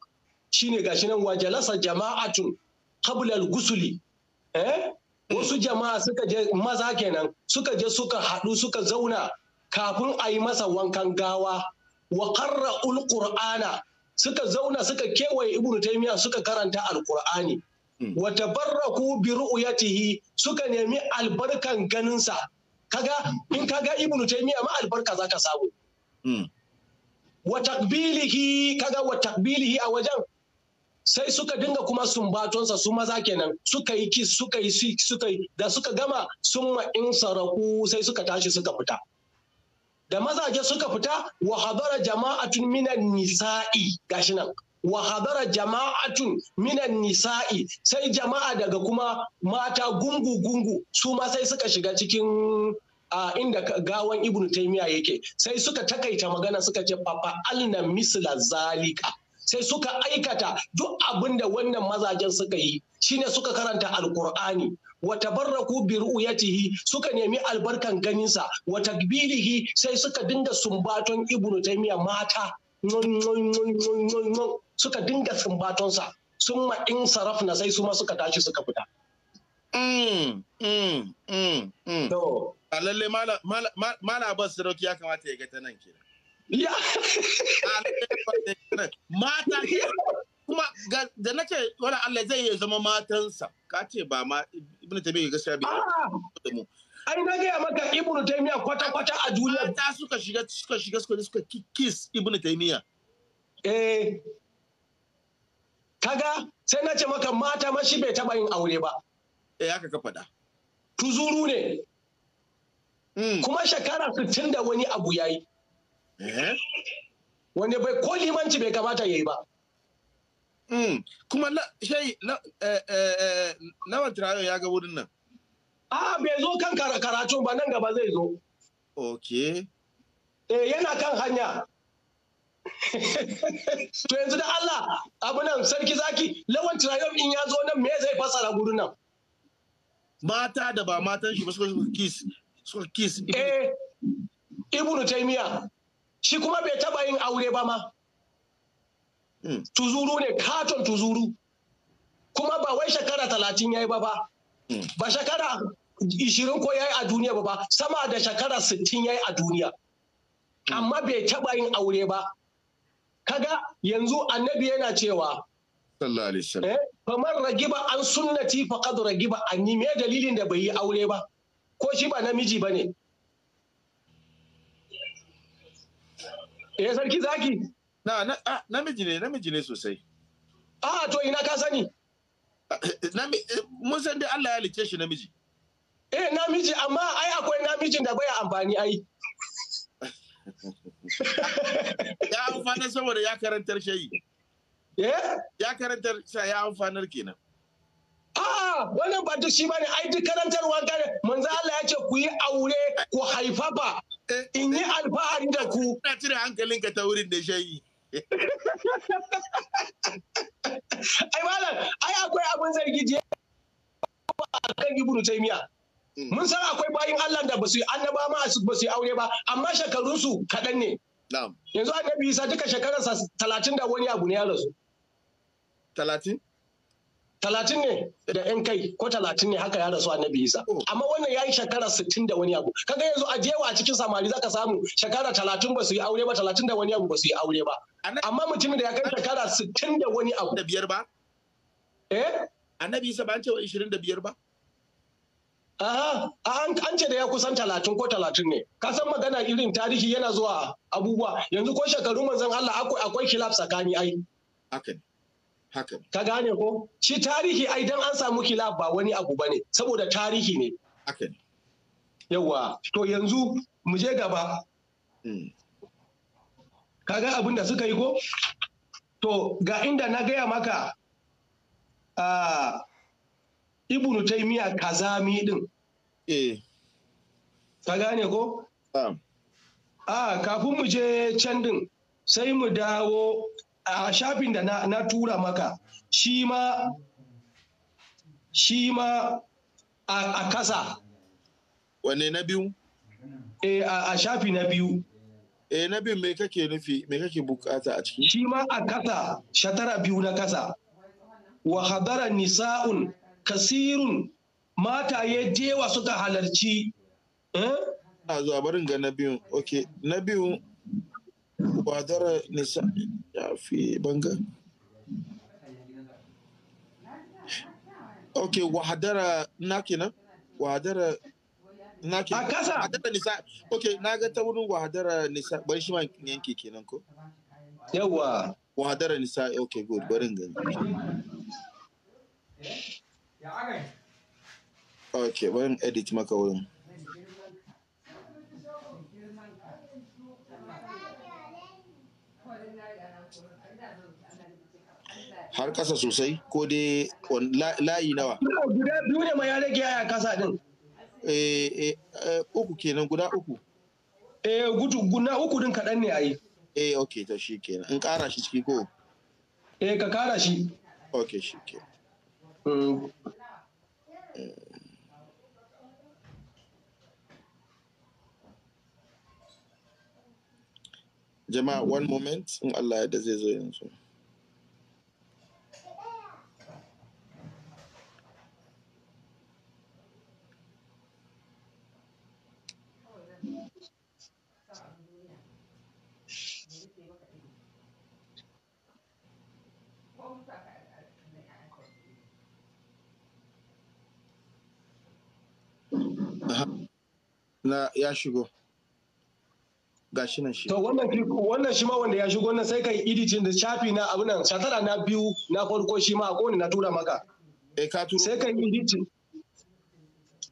shine gashi nan wa jalasa jama'atun qabla gusuli eh? wasu jama'a suka je maza kenan suka je suka haɗu suka zauna kafin a yi masa wankan gawa wa qarra'ul qur'ana suka zauna suka kewaye ibnu taymiya suka karanta alqur'ani hmm. wa tabarraku bi ru'yatihi suka nemi albarkan ganinsa kaga in kaga ibnu taymiya ma albarka zaka samu hmm. wa takbilihi kaga wa takbilihi a wajen sai suka dinga kuma sumbatonsa su maza kenan suka yi kis suka yi suka yi da suka gama sun in saraku sai suka tashi suka fita da mazaje suka fita wa hadara jama'atun minan nisa'i gashi nan wa hadara jama'atun minan nisa'i sai jama'a daga kuma mata gungu gungu su ma sai suka shiga cikin a inda gawan ibnu taymiya yake sai suka takaita magana suka ce fafa alna misla zalika sai suka aikata duk abin da wannan mazajen suka yi shine suka karanta alkur'ani barraku tabarraku bi ru'yatihi suka nemi albarkan ganinsa wa takbilihi sai suka dinga sumbaton ibnu taymiya mata
suka dinga sumbatonsa sun ma in sarafna sai su ma suka tashi suka fita mm, mm, mm, lalle mala mala mala abbas ya kamata ya ga ta nan kenan ya mata kuma da nake wani Allah zai iya zama matansa ka ce ba ma ibn taymiya gaskiya bai ah! da mu ai na gaya maka ibn taymiya kwata kwata a duniya mata suka shiga suka shiga suka suka kiss ibn taymiya eh
kaga sai na ce maka mata ma shi bai taba yin aure ba eh haka ka faɗa tuzuru ne hmm. kuma shekara 60 da wani abu yayi Eh? wanda bai ko limanci bai kamata ya yi ba
hmm. kuma shai eh, eh, lawan tirayon ya ga wurin nan a bai zo kan karatu ba nan gaba zai zo ok
yana kan hanya to yanzu da Allah abu nan sarki zaki lawan tirayon in ya zo nan me zai fasara wurin nan mata da ba matan shi ba suka kis kis eh ibnu taymiya shi kuma bai taba yin aure ba ma hmm. tuzuru ne katon tuzuru kuma ba wai shekara talatin ya yi ba ba hmm. ba shekara ishirin ko ya yi a duniya ba ba sama da shekara sittin ya yi a duniya hmm. amma bai taba yin aure ba kaga yanzu annabi yana cewa kamar eh, ragiba an sunnati faqad ragiba an yi me dalilin da bai yi aure ba ko shi ba namiji ba ne
eh sarki zaki na ah, namiji ne namiji ne sosai Ah to ina ka sani ah, eh, eh, mun san dai Allah ya lice shi namiji eh namiji amma ai akwai namijin da bai amfani ai ya amfana saboda ya karantar shayi eh? ya karantar ya amfanar kenan A'a wannan ba duk shi bane ai duk karantarwa gane manzo Allah ya ce ku yi aure ku haifafa eh, in yi eh. alfahari da ku. Ina cire hankalinka ta wurin da shayi. Ai malam ai akwai abin zargi je
kan Ibnu Taymiya. Hmm. Mun san akwai bayin Allah da basu annaba ma ba su aure ba amma su kaɗan ne. Yanzu annabi Isa duka sa talatin da wani abu ne ya rasu. Talatin? talatin ne da yan kai ko talatin ne haka ya rasu a Nabi isa amma wannan ya yi shekara sittin da wani abu kaga yanzu a jewa a cikin samari zaka samu shekara talatin ba su yi aure ba talatin da wani abu ba su yi aure ba amma mutumin da ya kai shekara sittin da wani abu da biyar ba eh annabi isa ba an wa ishirin da biyar ba Aha, an ce da ya kusan talatin ko talatin ne. Ka san magana irin tarihi yana zuwa abubuwa. Yanzu ko shekaru manzon Allah akwai khilaf tsakani ai. Haka Ka gane ko? Shi tarihi ai dan an samu kilaf ba wani abu ne saboda tarihi ne. Yawwa, to yanzu mu je gaba. Hmm. Ka ga abin da suka yi ko? To ga inda na gaya maka uh, Ibnu Taymiya kazami din. E. Ka gane ko? A Ah, kafin mu je can din sai mu dawo a shafin da na tura maka shi ma shi ma
a kasa Wane na biyu e a shafi na biyu eh na biyu me kake nufi me kake bukata a ciki shi ma a kasa
shatara biyu na kasa wa hadara nisa'un kasirun
mataye dewa suka halarci eh a zuwa barin ga na biyu okay na biyu Badar nisa ya fi banga. Ok, wahadara naki na? Wahadara naki A kasa! Wahadara nisa. Ok, na ga ta wurin wahadara nisa. Bari shi ma yanke kenan ko? Yawa. Wahadara nisa, ok, good. Bari gani. Ok, bari edit maka wurin. Okay. har kasa sosai ko dai layi nawa guda biyu ne ma ya rage yaya kasa din eh, eh, eh, uku kenan guda uku eh gudu guda uku din kaɗan ne ayi eh okay to shi kenan in ƙara shi ciki ko eh ka ƙara shi okay shi kenan mm. jama'a one moment in Allah ya da zai zo yanzu na ya shigo shi nan shi to wannan shi wannan shi ma wanda ya shigo nan sai kai editing da shafi na abun nan shatara
na biyu na farko shi ma akwai na tura maka eh ka turo sai kai editing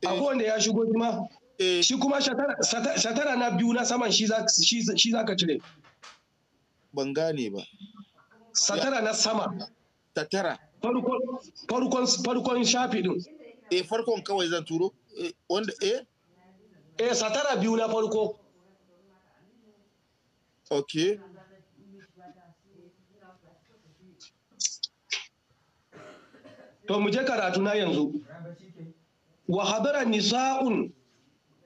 eh. akwai wanda ya shigo shi ma eh. shi kuma shatara na biyu na saman shi
za shi za ka cire ban gane ba
satara na
sama satara farkon farkon shafi din eh farkon kawai zan turo eh, wanda eh eh satara biyu na farko ok to mu je karatu na yanzu
wa habara nisa'un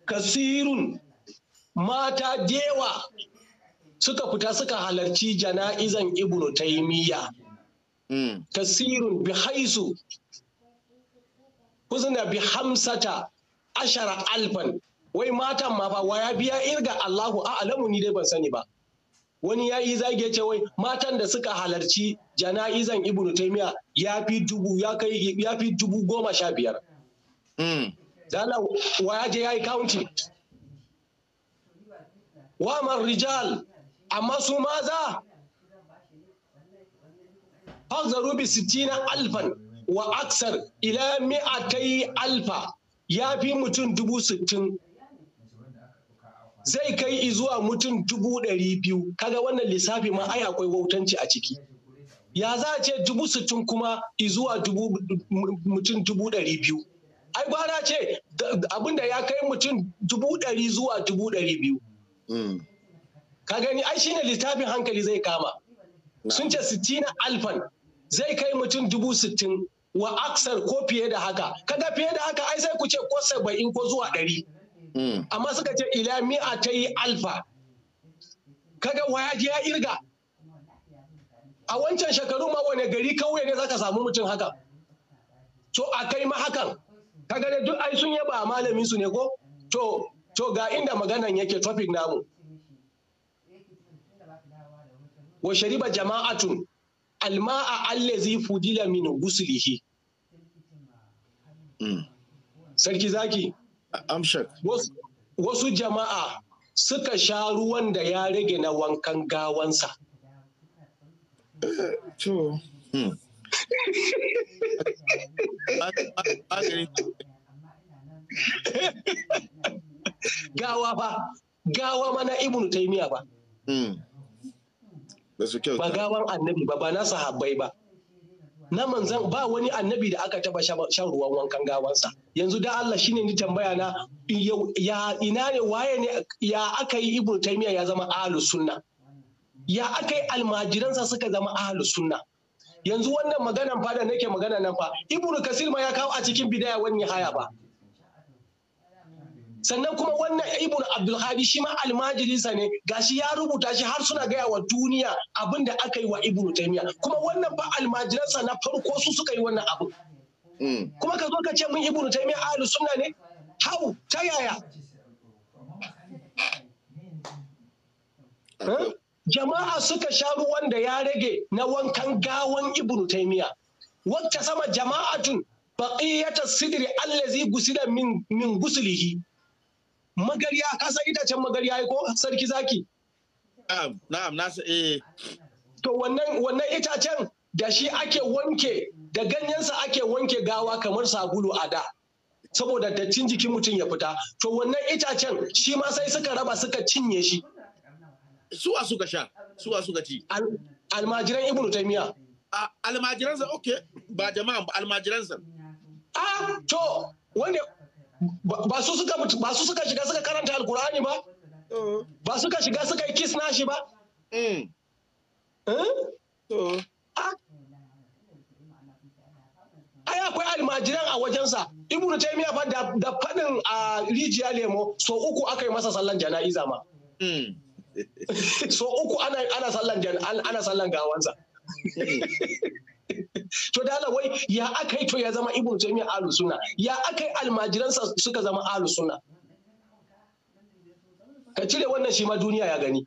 kasirun mata dewa suka fita suka halarci jana'izan ibnu taimiyya hmm. kasirun bi haisu da bi hamsata ashara alfan wai matan ma fa ya biya irga Allahu a'lamu ni dai ban sani ba wani ya yi zage ce wai matan da suka halarci jana'izan ibnu taimiya ya fi dubu ya kai ya fi dubu goma sha biyar hmm. dala ya je ya yi county wa man rijal amma su maza hazaru bi sittina alfan wa aksar ila mi'atai alfa ya fi mutum dubu sittin zai kai zuwa mutum dubu ɗari biyu kaga wannan lissafi ma ai akwai wautanci a ciki ya za a ce dubu sittin kuma zuwa mutum dubu ɗari biyu ai gwara ce abinda ya kai mutum dubu ɗari zuwa dubu ɗari biyu mm. ka gani ai shine littafin hankali zai kama sun ce sittina alfan zai kai mutum dubu sittin wa aksar ko fiye da haka kaga fiye da haka ai sai ku ce ko saba'in ko zuwa ɗari amma suka ce ila mi'a ta yi alfa kaga ji ya irga a wancan shekaru ma wane gari kauye ne zaka samu mutum haka to a kai ma hakan kaga ne duk ai sun yaba malamin su ne ko to to ga inda maganan yake topic namu wa shariba jama'atun alma'a allazi fudila min guslihi hmm. sarki zaki amshak wasu jama'a suka sha ruwan da ya rage na wankan gawansa
to
hmm.
gawa ba gawa mana ibnu taimiya ba ba gawan annabi ba ba na sahabbai ba na manzan ba wani annabi da aka taba shan ruwan wankan gawansa yanzu da Allah shine ni tambaya na ya ina ne waye ne ya aka yi ibnu taymiya ya zama ahlus sunna ya aka yi almajiransa suka zama ahlu sunna yanzu wannan magana fa da nake magana nan fa ibnu kasir ma ya kawo a cikin bidaya wani haya ba sannan kuma wannan ibn abdulhadi shi ma almajirinsa ne ga shi ya rubuta shi har suna gaya wa duniya abin da aka yi wa ibn taymiya kuma wannan ba almajiransa na farko su suka yi wannan abu mm. kuma ka zo ka ce mun ibn taymiya ahlus sunna ne hau ta yaya jama'a suka sha ruwan da ya rage na wankan gawan ibn taymiya wacce sama jama'atun baqiyatu sidri allazi gusila min min gusulihi Magariya, ka san itacen magariya ko sarki zaki na'am na eh to wannan wannan itacen da shi ake wanke da ganyensa ake wanke gawa kamar sabulu a da saboda dattin jikin mutum ya fita to wannan itacen shi ma sai suka raba suka cinye shi
suwa suka sha suwa suka ci almajiran ibnu taymiya almajiransa okay ba jama'a ba almajiransa ah to wanda ba su suka ba su suka shiga suka karanta alkur'ani ba ba suka shiga
suka yi kiss nashi ba mm. eh? ah. ai akwai almajiran a wajensa ibnu taymiya fa da da fadin a rijiya lemo so uku aka yi masa sallan jana'iza ma mm. so uku ana ana sallan ana sallan gawansa to da wai ya akai to ya zama ibnu taymiya ahlus sunna ya akai almajiransa suka zama ahlus sunna ka cire wannan shi ma duniya ya gani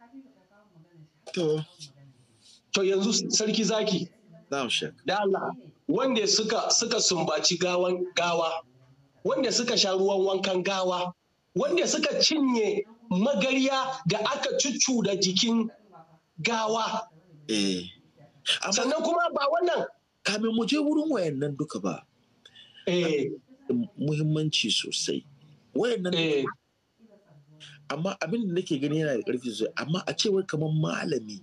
to to yanzu sarki zaki da Allah wanda suka suka sumbaci gawan gawa wanda suka sha ruwan wankan gawa wanda suka cinye magariya da aka cuccu da jikin gawa eh sannan kuma ba
wannan kamin mu je wurin wayannan duka ba eh. muhimmanci sosai wayannan eh. amma abin da nake gani yana da ƙarfi sosai amma a cewar kamar malami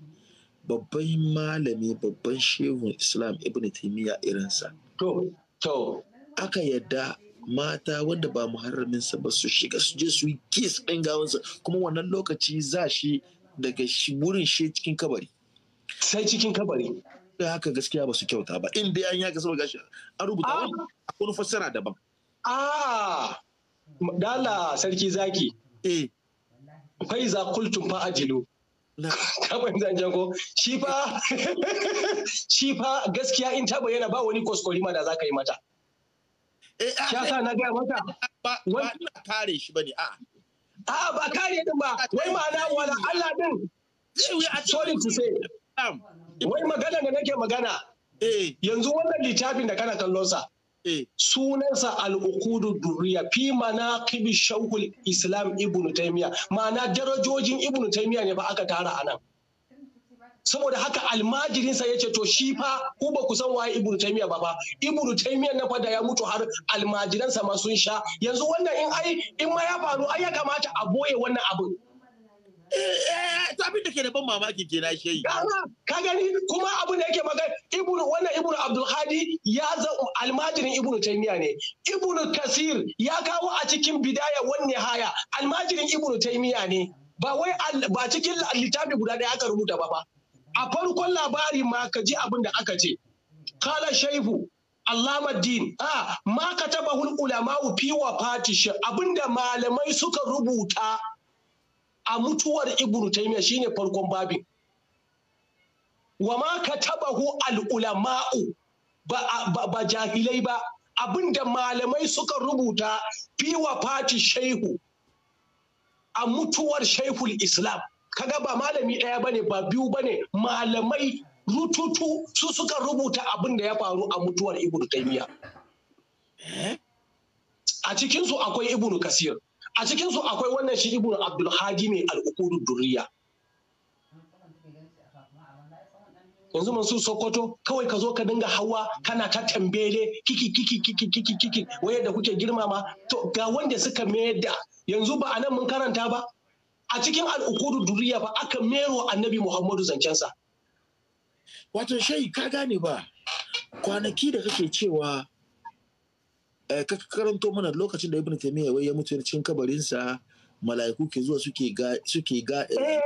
babban malami babban shehun islam ibn taimiyya irinsa to to aka yadda mata wanda ba muharraminsa ba su shiga su je su yi kis ɗin gawansa kuma wannan lokaci za shi daga wurin shi cikin kabari sai cikin kabari da haka gaskiya ba su kyauta ba in dai an yaka sama gashi an rubuta ah! wani wani fassara daban a ah! dala sarki zaki eh kai za qultum fa
ajilu kamar zan jango shi fa shi fa gaskiya in ta bayyana ba wani ma da zaka yi mata eh ah, sa eh. na ga mata ba wani kare shi bane a a ba kare din ba wai ma'ana wala Allah din sorry to say Wai magana da nake magana. Eh. Yanzu wannan littafin da kana kallon sa. Eh. Sunansa al'ukudu duriya fi mana kibi shauhul Islam Ibn Taymiyyah. Ma'ana darajojin Ibn Taymiyyah ne ba aka tara anan. saboda haka almajirinsa ya ce to shi fa ku ba ku san waye Ibn ba fa Ibn taymiya na fada ya mutu har almajiransa ma sun sha yanzu wannan in ai in ma ya faru ai ya kamata a boye wannan abin Eh,
to abin da ke da ban mamaki ke na yi.
ka gani kuma abin da yake magana ibn wannan ibnu abdulhadi ya za almajirin ibnu taymiya ne ibnu kasir ya kawo a cikin bidaya wani haya. almajirin ibnu taymiya ne ba wai ba cikin littafi guda da aka rubuta ba ba a farkon labari ma ka ji abin da aka ce kala shaihu allama din a ah, ma katabahul ulama'u fi wa fatishin abinda malamai suka rubuta a mutuwar ibnu taymiya shine farkon babin wa ma katabahu al ulama'u ba, ba jahilai ba abinda malamai suka rubuta fi wafati shaihu a mutuwar shaihul islam kaga ba malami ɗaya bane ba biyu bane malamai rututu su suka rubuta abin da ya faru a mutuwar ibnu taymiya eh? a cikinsu akwai ibnu kasir a cikin su akwai wannan shi ibn abdul hadi mai al'ukudu durriya yanzu masu sokoto kawai ka zo ka dinga hawa kana ta tambele kiki kiki kiki kiki kiki waye da kuke girmama to ga wanda suka mayar da yanzu ba anan mun karanta ba a cikin al'ukudu duriya ba aka mero annabi muhammadu zancensa wato shai ka gane ba
kwanaki da kake cewa Eh, ka karanto mana lokacin da ibn taimiyya wai ya mutu cikin kabarinsa mala'iku ke zuwa suke ga suke ga eh,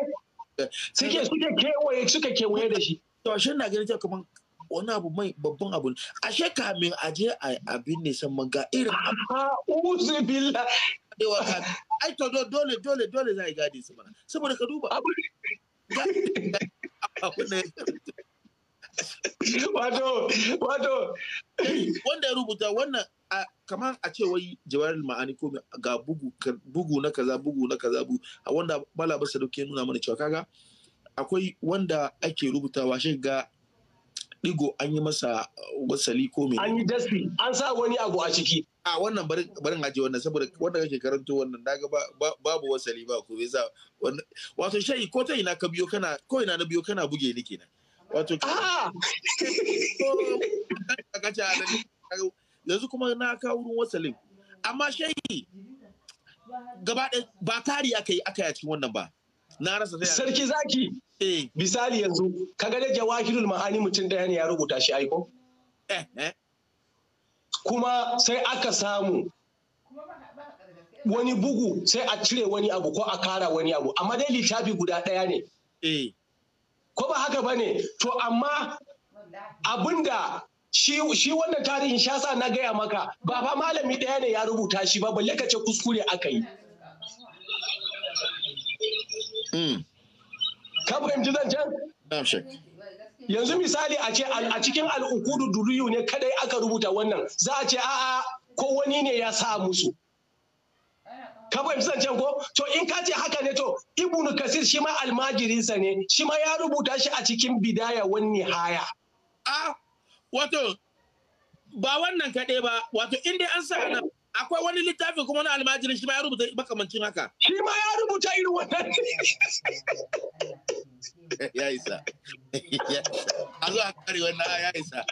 suke suke kewaye suke kewaye da shi to shin na ganin kaman wani abu mai babban abu ashe kamin aje a abin ne san ga irin uzu billah dewa ka ai to dole dole dole zai gadi su mana saboda ka duba abu ne wato wato wanda ya rubuta wannan kamar a ce wai jawarin ma'ani ko ga bugu na kaza bugu na kaza bugu a wanda bala basa dauke nuna mana cewa kaga akwai wanda ake rubutawa shi ga digo an yi masa wasali ko mai an yi dasi an sa wani abu a ciki a wannan barin ajiye wannan saboda wanda kake karanto wannan daga babu wasali ba ko bai sa wato shayi ko ta ina ka biyo kana ko ina na biyo kana buge ni kenan wato ah! yanzu kuma na kawo wurin wasalin amma shehi gaba ba tari aka yi aka cikin wannan ba na rasa
sai sarki zaki eh misali yanzu kaga da jawahirul ma'ani mutum daya ne ya rubuta shi aiko eh, eh. kuma sai aka samu wani bugu sai a cire wani abu ko a kara wani abu amma dai littafi guda daya ne eh. ko ba haka ba ne to amma abinda shi shi wannan tarihin shasa na gaya maka ba fa malami ɗaya ne ya rubuta shi ba balle ka kuskure aka yi hmm. ka fahimci zancen yanzu misali a ce a cikin al'ukudu duriyu ne kadai aka rubuta wannan za a ce a'a ko wani ne ya sa musu ka fahimci zancen ko to in ka ce haka ne to ibnu kasir shi ma almajirinsa ne shi ma ya rubuta shi a cikin bidaya wani haya a
wato ba wannan kaɗai ba wato in dai an sa nan, akwai wani littafi kuma na almajirin shi ma ya rubuta makamancin haka shi ma ya rubuta irin wannan ya isa a zo a kare wannan ya isa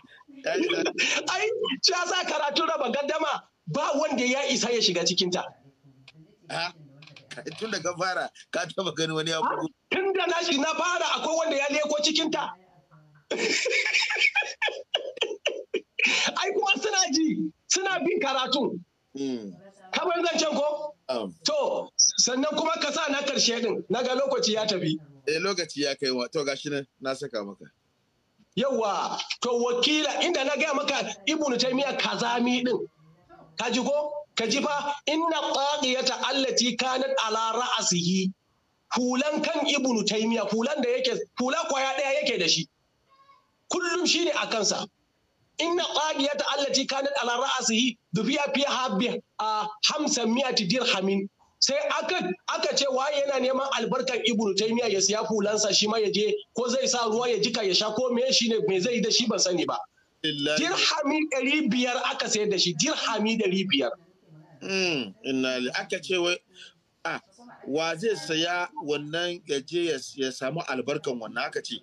ai shi ya sa karatu raba gaddama ba wanda ya isa ya shiga cikinta tun da ka fara ka taba gani wani ya bugu tun da na shi na fara akwai wanda ya leko cikin ta
ai kuma suna ji suna bin karatu hmm.
kamar zancen ko um. to sannan kuma ka sa na karshe din na ga lokaci ya tafi eh lokaci ya kai to gashi nan na saka maka yawa to
wakila inda na gaya maka ibnu taymiya kazami din ka ji ko ka ji fa inna qadiyata allati kanat ala ra'asihi hulan kan ibnu taymiya hulan da yake hula kwaya daya yake da shi kullum shine a kansa inna ta'allaci allati kanat ala ra'asihi dubiya fi habbi a hamsa miyati dirhamin sai aka ce wa yana neman albarkar ibnu taymiya ya siya hulansa shi ma ya je ko zai sa ruwa ya jika ya sha ko me shine me zai da shi ban sani ba
dirhami 500 aka sayar da shi dirhami biyar. Mm, inna aka ce wai a wa zai saya wannan ya ya samu albarkan wannan aka ce.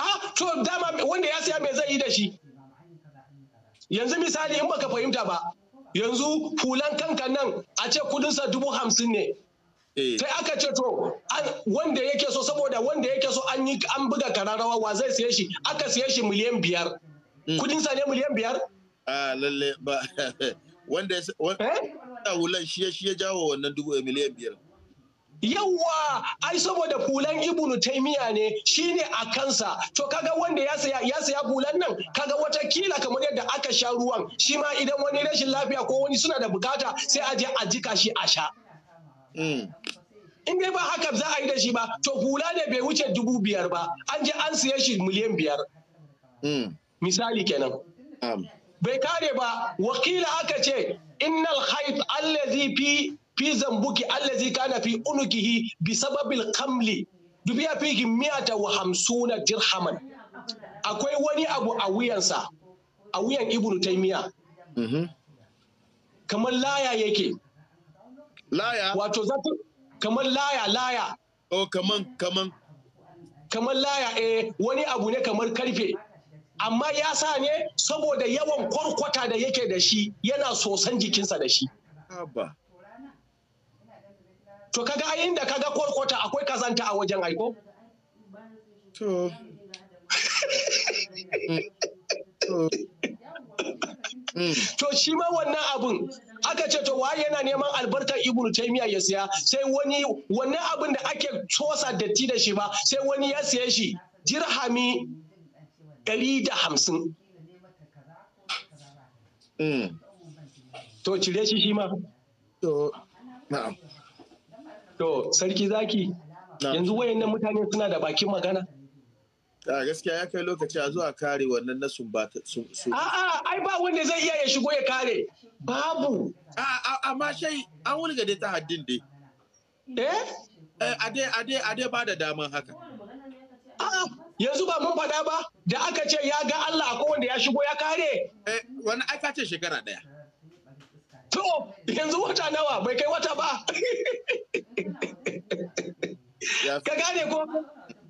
A to dama wanda ya saya mai zai yi da shi. Yanzu misali in baka fahimta ba, yanzu hulan
kanka nan a ce kudinsa dubu hamsin ne. Eh. Sai aka ce to wanda yake so saboda wanda yake so an yi an buga kararrawa wa zai siye shi aka siye shi miliyan biyar.
Mm. Kudinsa ne miliyan biyar? A lalle ba. wanda ya eh? hulan shi ya jawo wannan dubu eh, miliyan biyar. Yawwa, ai saboda
hulan Ibnu Taimiya ne shi ne a kansa. To kaga wanda ya saya ya saya hulan nan, kaga wata kila kamar yadda aka sha ruwan, shi ma idan wani rashin lafiya ko wani suna da bukata sai a je a jika shi a sha. Hmm. In dai ba haka za a yi da shi ba, to hula ne bai wuce dubu biyar ba, an je an siya shi miliyan biyar. Hmm. Misali kenan. bai kare ba wakila aka ce innal khayt allazi fi fi zambuki allazi kana fi unukihi bi sababil kamli dubiya fihi miyata wa hamsuna dirhaman akwai wani abu a wuyansa a wuyan ibnu taymiya mm-hmm. kamar laya yake laya wato zato kamar laya laya oh kaman kaman kamar laya eh wani abu ne kamar karfe amma ya sa ne saboda yawan kwarkwata da yake da shi yana sosan jikinsa da shi to kaga ai inda kaga kwarkwata akwai kazanta a wajen aiko to To shi ma wannan abin aka ce to waye yana neman albarkar ibnu taimiyya ya siya sai wani wannan abin da ake cosa datti da shi ba sai wani ya siya shi jirhami. ɗari da hamsin. Hmm. To cire shi shi ma.
To, na'am. To, sarki zaki, yanzu wayannan mutane suna da bakin magana. A gaskiya ya kai lokaci a zuwa kare wannan na sumbata su. A'a, ai ba wanda zai iya ya shigo ya kare. Babu. A'a, amma shai an wani gade ta haddin dai. Eh? Ade, ade, ade ba da daman haka. A'a, yanzu ba mun faɗa ba da aka ce ya ga Allah akwai wanda ya shigo ya kare eh, wani aka ce shekara ɗaya to
yanzu wata nawa bai kai wata ba ka gane ko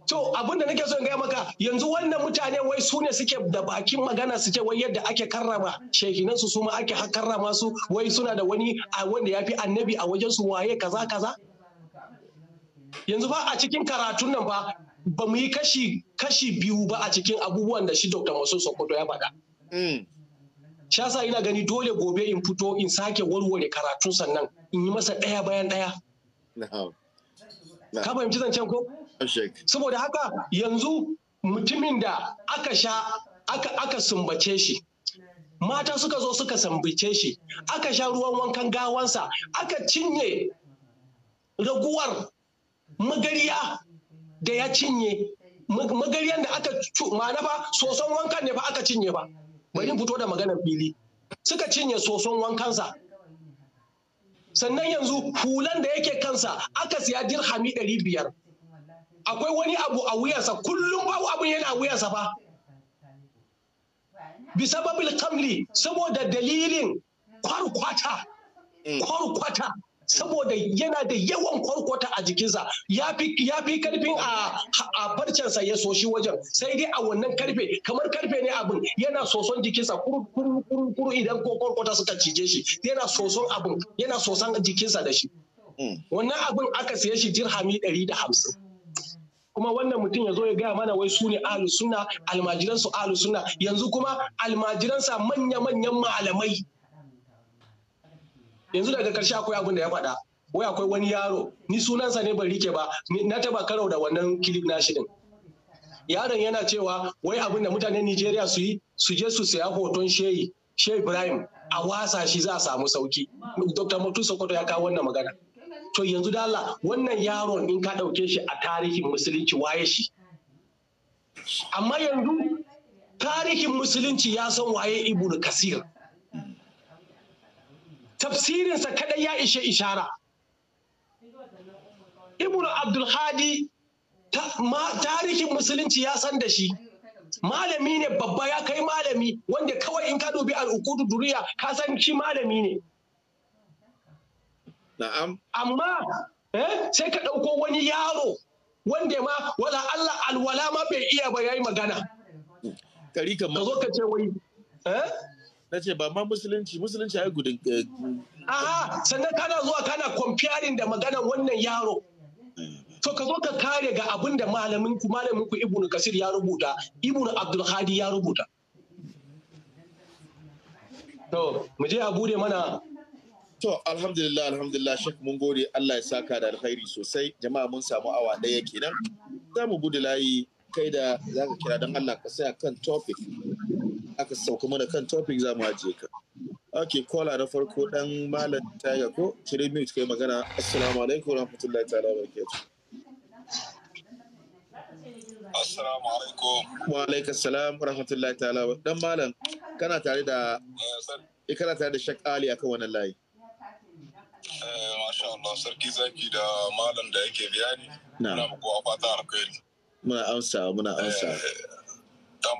to abin da nake so in gaya maka yanzu wannan mutane wai su ne suke da bakin magana su ce wai yadda ake karrama shehinan su suma ake karrama su wai suna da wani a wanda ya fi annabi a wajen su waye kaza kaza yanzu ba a cikin karatun nan ba ba mu yi kashi biyu ba a cikin abubuwan da shi Dr. Masu Sokoto ya faɗa. Mm. Shasa ina gani dole gobe in fito in sake warware karatu sannan in yi masa ɗaya bayan ɗaya. Ka fahimci zancen ko? Saboda haka yanzu mutumin da aka sha aka sumbace shi. Mata suka zo suka sambice shi, aka sha ruwan wankan gawansa, aka cinye raguwar magariya da ya cinye magaryan da aka ma'ana ba soson wankan ne ba aka cinye ba bari fito da maganar fili suka cinye soson wankansa sannan yanzu hulan da yake kansa aka siya dirhami ɗari biyar akwai wani abu a wuyansa kullum babu abin yana a wuyansa ba bisababil kamli saboda dalilin kwarkwata mm. kwarkwata saboda yana da yawan kwarkwata a jikinsa ya fi karfin a farcensa ya soshi wajen sai dai a wannan karfe kamar karfe ne abin yana soson jikinsa kuru idan ko kwarkwata suka cije shi yana soson abin yana soson jikinsa da shi hmm. wannan abin aka siya shi jirhami ɗari da hamsin kuma wannan mutum ya zo ya gaya mana wai su ne alu almajiransu alu yanzu kuma almajiransa manya-manyan malamai yanzu daga karshe akwai abin da ya faɗa wai akwai wani yaro ni sunansa ne ban rike ba na taba karo da wannan kilif na shirin. yaron yana cewa wai abin da mutanen Nigeria su yi su je su saya hoton shehi shehi Ibrahim a wasa shi za a samu sauki Dr. Mutu Sokoto ya kawo wannan magana to yanzu da Allah wannan yaron in ka ɗauke shi a tarihin musulunci waye shi amma yanzu tarihin musulunci ya san waye ibnu Kasir tafsirinsa kaɗai ya ishe ishara ibnu Abdulhadi, tarihin musulunci ya san da shi malami ne babba ya kai malami wanda kawai in ka dubi al'ukudu duriya ka san shi malami ne na'am amma eh, sai ka ɗauko wani yaro
wanda ma wala Allah alwala ma bai iya ba yayi magana kari ka zo ka ce wai eh? na ce ba ma musulunci musulunci ai gudun eh,
aha sannan kana zuwa kana comparing da magana wannan yaro to ka zo ka kare ga abin da malamin ku malamin ku ibnu kasir ya rubuta ibnu abdul hadi ya rubuta
to mu je a bude mana To, alhamdulillah, alhamdulillah, shek mun gode Allah ya saka da alkhairi sosai. Jama'a mun samu awa ɗaya kenan. Za mu gudu layi kai da za ka kira don Allah ka saya kan topic aka sauka mana kan topic za mu ajiye ka ok kola na farko dan malam tiger ko kiri mute kai magana assalamu alaikum rahmatullahi ta'ala wa barakatuh assalamu alaikum wa alaikum salam rahmatullahi ta'ala dan malam kana tare da eh, eh kana tare da shak ali akan wannan layi
eh, masha Allah sarki zaki da malam da yake biyani. muna muku
fata alkhairi muna amsa muna amsa eh,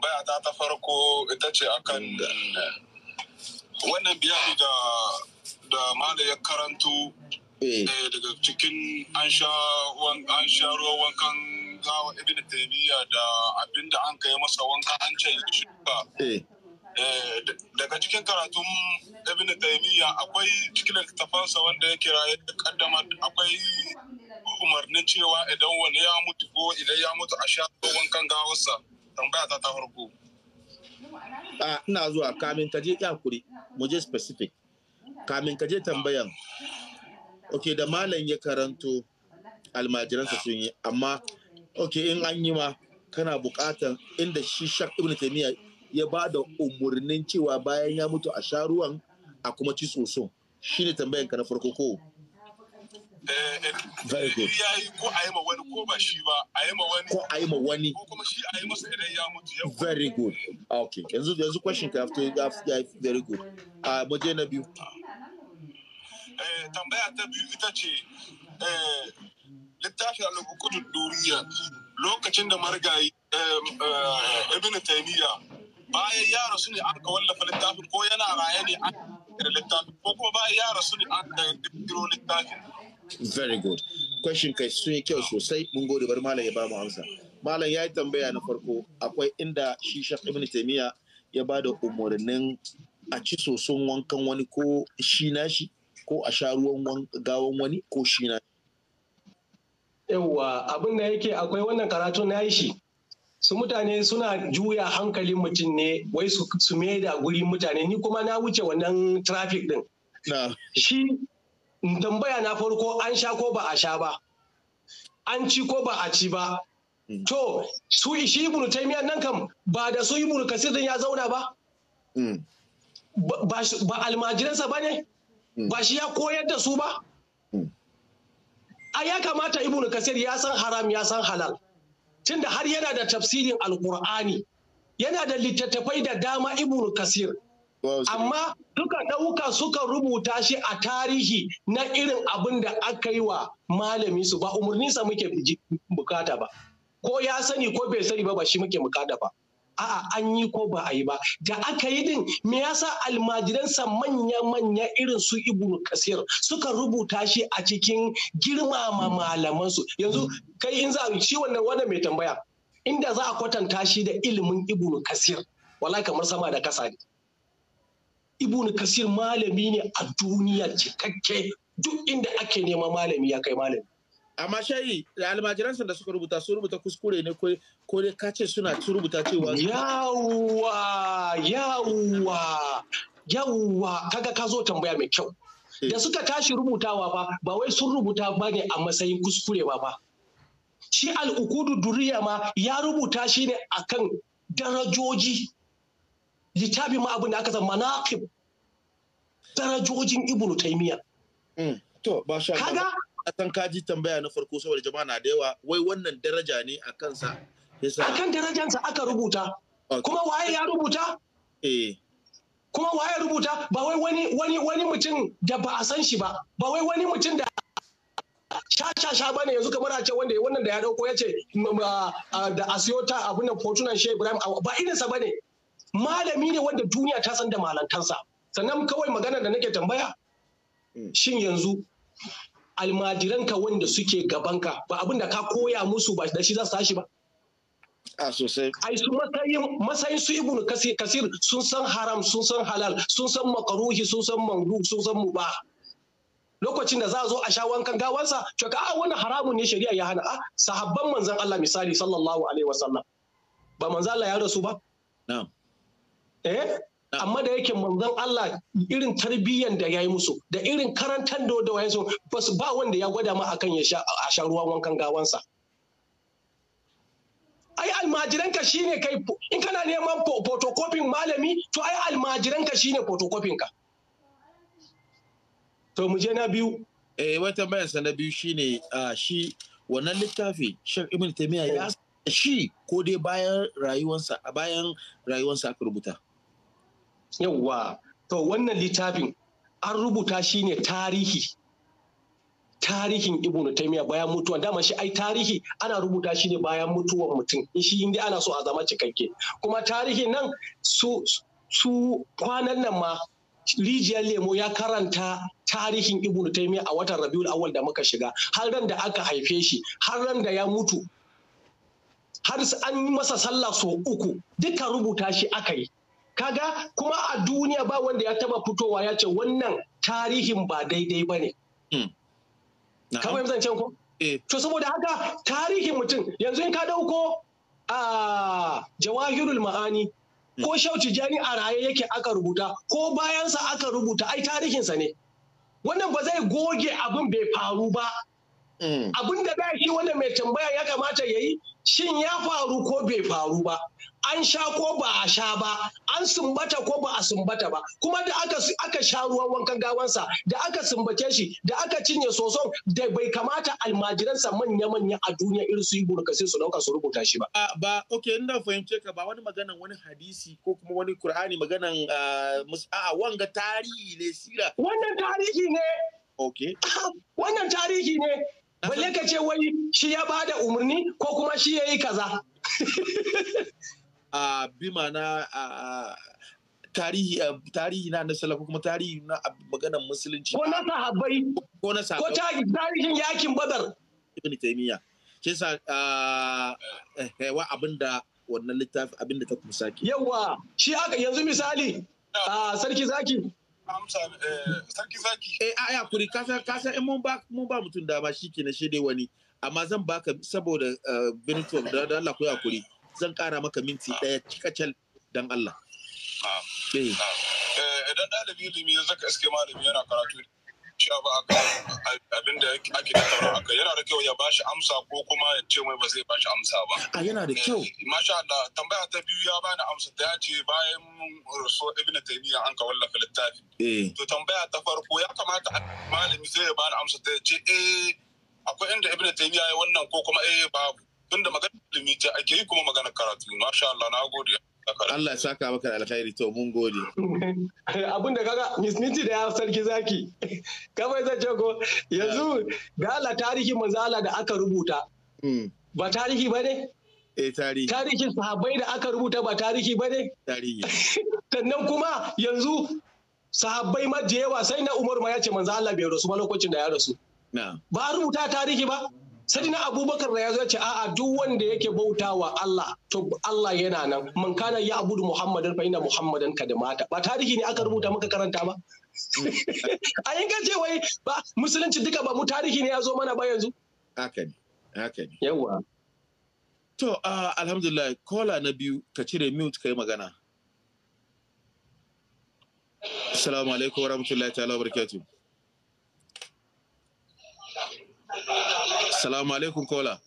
tambaya ta ta farko ita ce akan wannan biyani da da mala ya karantu eh. eh, daga cikin an sha an sha ruwan wankan gawa ibn taymiya da abinda an kai masa wanka an ce shuka. Eh. daga cikin karatun ibn taymiya akwai cikin littafansa wanda ya kira ya kaddama akwai umarnin cewa idan wani ya mutu ko idan ya mutu a sha ruwan kan gawarsa tambaya ta ta farko
a ina zuwa kamin ka je yakuri mu je specific kamin ka je tambayan ok da malam ya karanto almajiransa sun yi amma ok in an yi ma kana buƙatar inda shi shak ibn taimiyya ya ba da umarnin cewa bayan ya mutu a sha ruwan a kuma ci soso shine tambayan ka na farko ko Eh, eh, very eh, good. Ya yi
ko a yi ma wani ko ba shi
ba a yi ma wani. Ko a yi ma wani. Ko
kuma shi a yi masa idan ya
mutu. Very good. Okay. Yanzu yanzu question ka after ya very good. A ah, mu je na biyu.
Tambaya ta biyu ita ce littafin alhukutun duniya lokacin da marigayi ibn taymiya bayan ya rasu ne an ka wallafa littafin ko yana raye ne an littafin ko kuma bayan ya rasu ne an
ka littafin very good question kai sun yi kyau sosai mun gode bar malam ya ba mu amsa malam ya yi tambaya na farko akwai inda shi shak ibn ya bada da umarnin a ci soson wankan wani ko shi nashi ko a sha ruwan gawan wani ko shi nashi yawwa abin da
yake akwai wannan karatu na shi su mutane suna juya hankalin mutum ne wai su mai da guri mutane ni kuma na wuce wannan traffic din shi tambaya na farko an sha ko ba a sha ba an ci ko ba a ci ba mm. to su ishi ibnu taimiya nan kam ba da su ibnu kasir din ya zauna ba mm. ba almajiransa ba ne mm. ba shi ya koyar da su ba a ya kamata ibnu kasir ya san haram ya san halal tunda har yana da tafsirin alkur'ani yana da littattafai da dama ibnu kasir Amma duka ɗauka suka rubuta shi a tarihi na irin abin da aka yi wa malami su ba umarninsa muke bukata ba. Ko ya sani ko bai sani ba ba shi muke bukata ba. a'a an yi ko ba a yi ba da aka yi din me yasa almajiransa manya-manya irin su ibnu kasir suka rubuta shi a cikin girmama malamansu yanzu kai in za shi wannan wanda mai tambaya inda za a kwatanta shi da ilimin ibnu kasir wala kamar sama da kasa ne ibn kasir malami ne a duniya cikakke
duk inda ake nema malami ya kai malami amma shayi da almajiransa da suka rubuta sun rubuta kuskure ne ko dai ka ce suna rubuta cewa yawwa
yawwa yawwa kaga ka zo tambaya mai kyau eh. da suka tashi rubutawa ba ba wai sun rubuta ba ne a matsayin kuskure ba ba shi al'ukudu duriya ma ya rubuta shi ne akan darajoji
littafin ma abin da aka san manaqib darajojin ibnu taymiya mm. to ba sha kaga san kaji tambaya na farko saboda jama'a na da yawa wai wannan daraja ne a kansa akan darajansa aka rubuta kuma waye ya rubuta eh kuma waye rubuta ba wai wani wani wani mutum da ba a san shi
ba ba wai wani mutum da sha ba ne yanzu kamar a ce wanda wannan da ya dauko ya ce da asiyota abin nan fortunan shehu ibrahim ba irinsa ba ne malami ne wanda duniya ta san da malantansa sannan kawai magana da nake tambaya hmm. shin yanzu almajiranka wanda suke gabanka ba abin da ka koya musu ba da shi za su tashi ba a sosai ai su matsayin matsayin su ibn kasir sun san haram sun san halal sun san makaruhi sun san mangu sun san muba lokacin da za a zo a sha wankan gawansa to ka a ah, wannan haramun ne shari'a ya hana a ah, sahabban manzon Allah misali sallallahu alaihi wasallam ba manzon Allah ya rasu ba na'am eh amma da yake manzon Allah irin tarbiyyar da ya yi musu da irin karantar da da wayansu ba su ba wanda ya gwada ma akan ya sha ruwan wankan gawansa ai almajiranka shine kai in kana neman photocopying
malami to ai almajiranka shine photocopying ka to mu je na biyu eh wata sa na biyu shine shi wannan littafi Sheikh Ibn Taymiyyah ya eh. shi ko dai bayan rayuwarsa a bayan rayuwarsa aka rubuta
yawwa to wannan littafin an rubuta shi ne tarihi tarihin ibn Taimiyya bayan mutuwa dama shi ai tarihi ana rubuta shi ne bayan mutuwan mutum shi inda ana so a zama cikakke kuma tarihin nan su kwanan nan ma rijiyar lemo ya karanta tarihin ibn Taimiyya a watan rabiul awal da muka shiga har ran da aka haife shi har ran da ya mutu har an yi masa sallah so uku duka rubuta shi aka yi kaga kuma a duniya ba wanda ya taba fitowa ya ce wannan tarihin ba daidai ba ne hmm. kamar can ko eh. to saboda haka tarihin mutum yanzu in ka dauko a jawahirul ma'ani hmm. ko shauci jani a raye yake aka rubuta ko bayansa aka rubuta ai tarihinsa ne wannan ba zai goge abin bai faru ba Mm. abin da da shi wanda mai tambaya ya kamata ya yi shin ya faru ko bai faru ba an sha ko ba a sha ba an sumbata ko ba a sumbata ba kuma da aka aka sha ruwan wankan gawansa da aka sumbace shi da aka cinye soson da bai kamata almajiransa manya manya a duniya irin su ibnu
kasir su dauka su rubuta shi ba ba okay ina fahimce ka ba wani maganan wani hadisi ko kuma wani Kur'ani maganan ah, a wanga tarihi ne sira wannan tarihi ne
okay wannan tarihi ne balle ka ce wai shi ya ba da umarni ko kuma
shi ya yi kaza a bi mana tarihi tarihi na na salafu kuma tarihi na maganar musulunci ko na sahabbai ko na sahabbai ko tarihin yakin badar ibn taymiya ke sa eh, wa abinda wannan littafi abinda ta kusa ke yawa shi haka yanzu misali sarki zaki amsa Eh a ya eh, kuri kasa kasa in eh, mun ba mun ba mutum dama shikenan shi dai wani amma zan baka saboda eh, benefit da Allah ku hakuri zan kara maka minti daya cikacal dan Allah. Ah, ah, idan ɗalibi ilimi ya zaka iske malami yana karatu
cewa ba abin da ake da a kai yana da kyau ya shi amsa ko kuma ya ce mai ba zai shi amsa ba a yana da kyau eh, masha Allah tambaya ta biyu ya bani amsa ta ya ce bayan rasu ibnu taymiya an ka wallafa littafi eh. to tambaya ta farko ya kamata malami sai ya bani amsa ta ya ce eh akwai inda ibn taymiya ya wannan ko kuma eh babu tunda
magana ilimi ce ake yi kuma magana karatu masha Allah na gode Allah saka maka da alkhairi to mun gode. Abin da kaga Miss misniti da
ya sarki zaki. Kamar zan ce ko yanzu ga Allah tarihi manzala da aka rubuta. Hmm. Ba tarihi ba ne? Eh tarihi. Tarihin sahabbai da aka rubuta ba tarihi ba ne? Tarihi. Sannan kuma yanzu sahabbai ma da yawa sai na Umar ma ya ce manzala bai rasu ba lokacin da ya rasu. Ba rubuta tarihi ba. Sadina Abubakar da ya zo ce a'a duk wanda yake bauta wa Allah to Allah yana nan man kana ya abudu Muhammadan fa ina Muhammadan da mata ba tarihi ne aka rubuta maka karanta ba a yanka ce wai
ba musulunci duka ba mu tarihi ne ya zo mana ba yanzu haka ne haka ne yawa to alhamdulillah kola na biyu ka cire mute kai magana assalamu alaikum warahmatullahi ta'ala wabarakatuh Assalamu alaikum kola.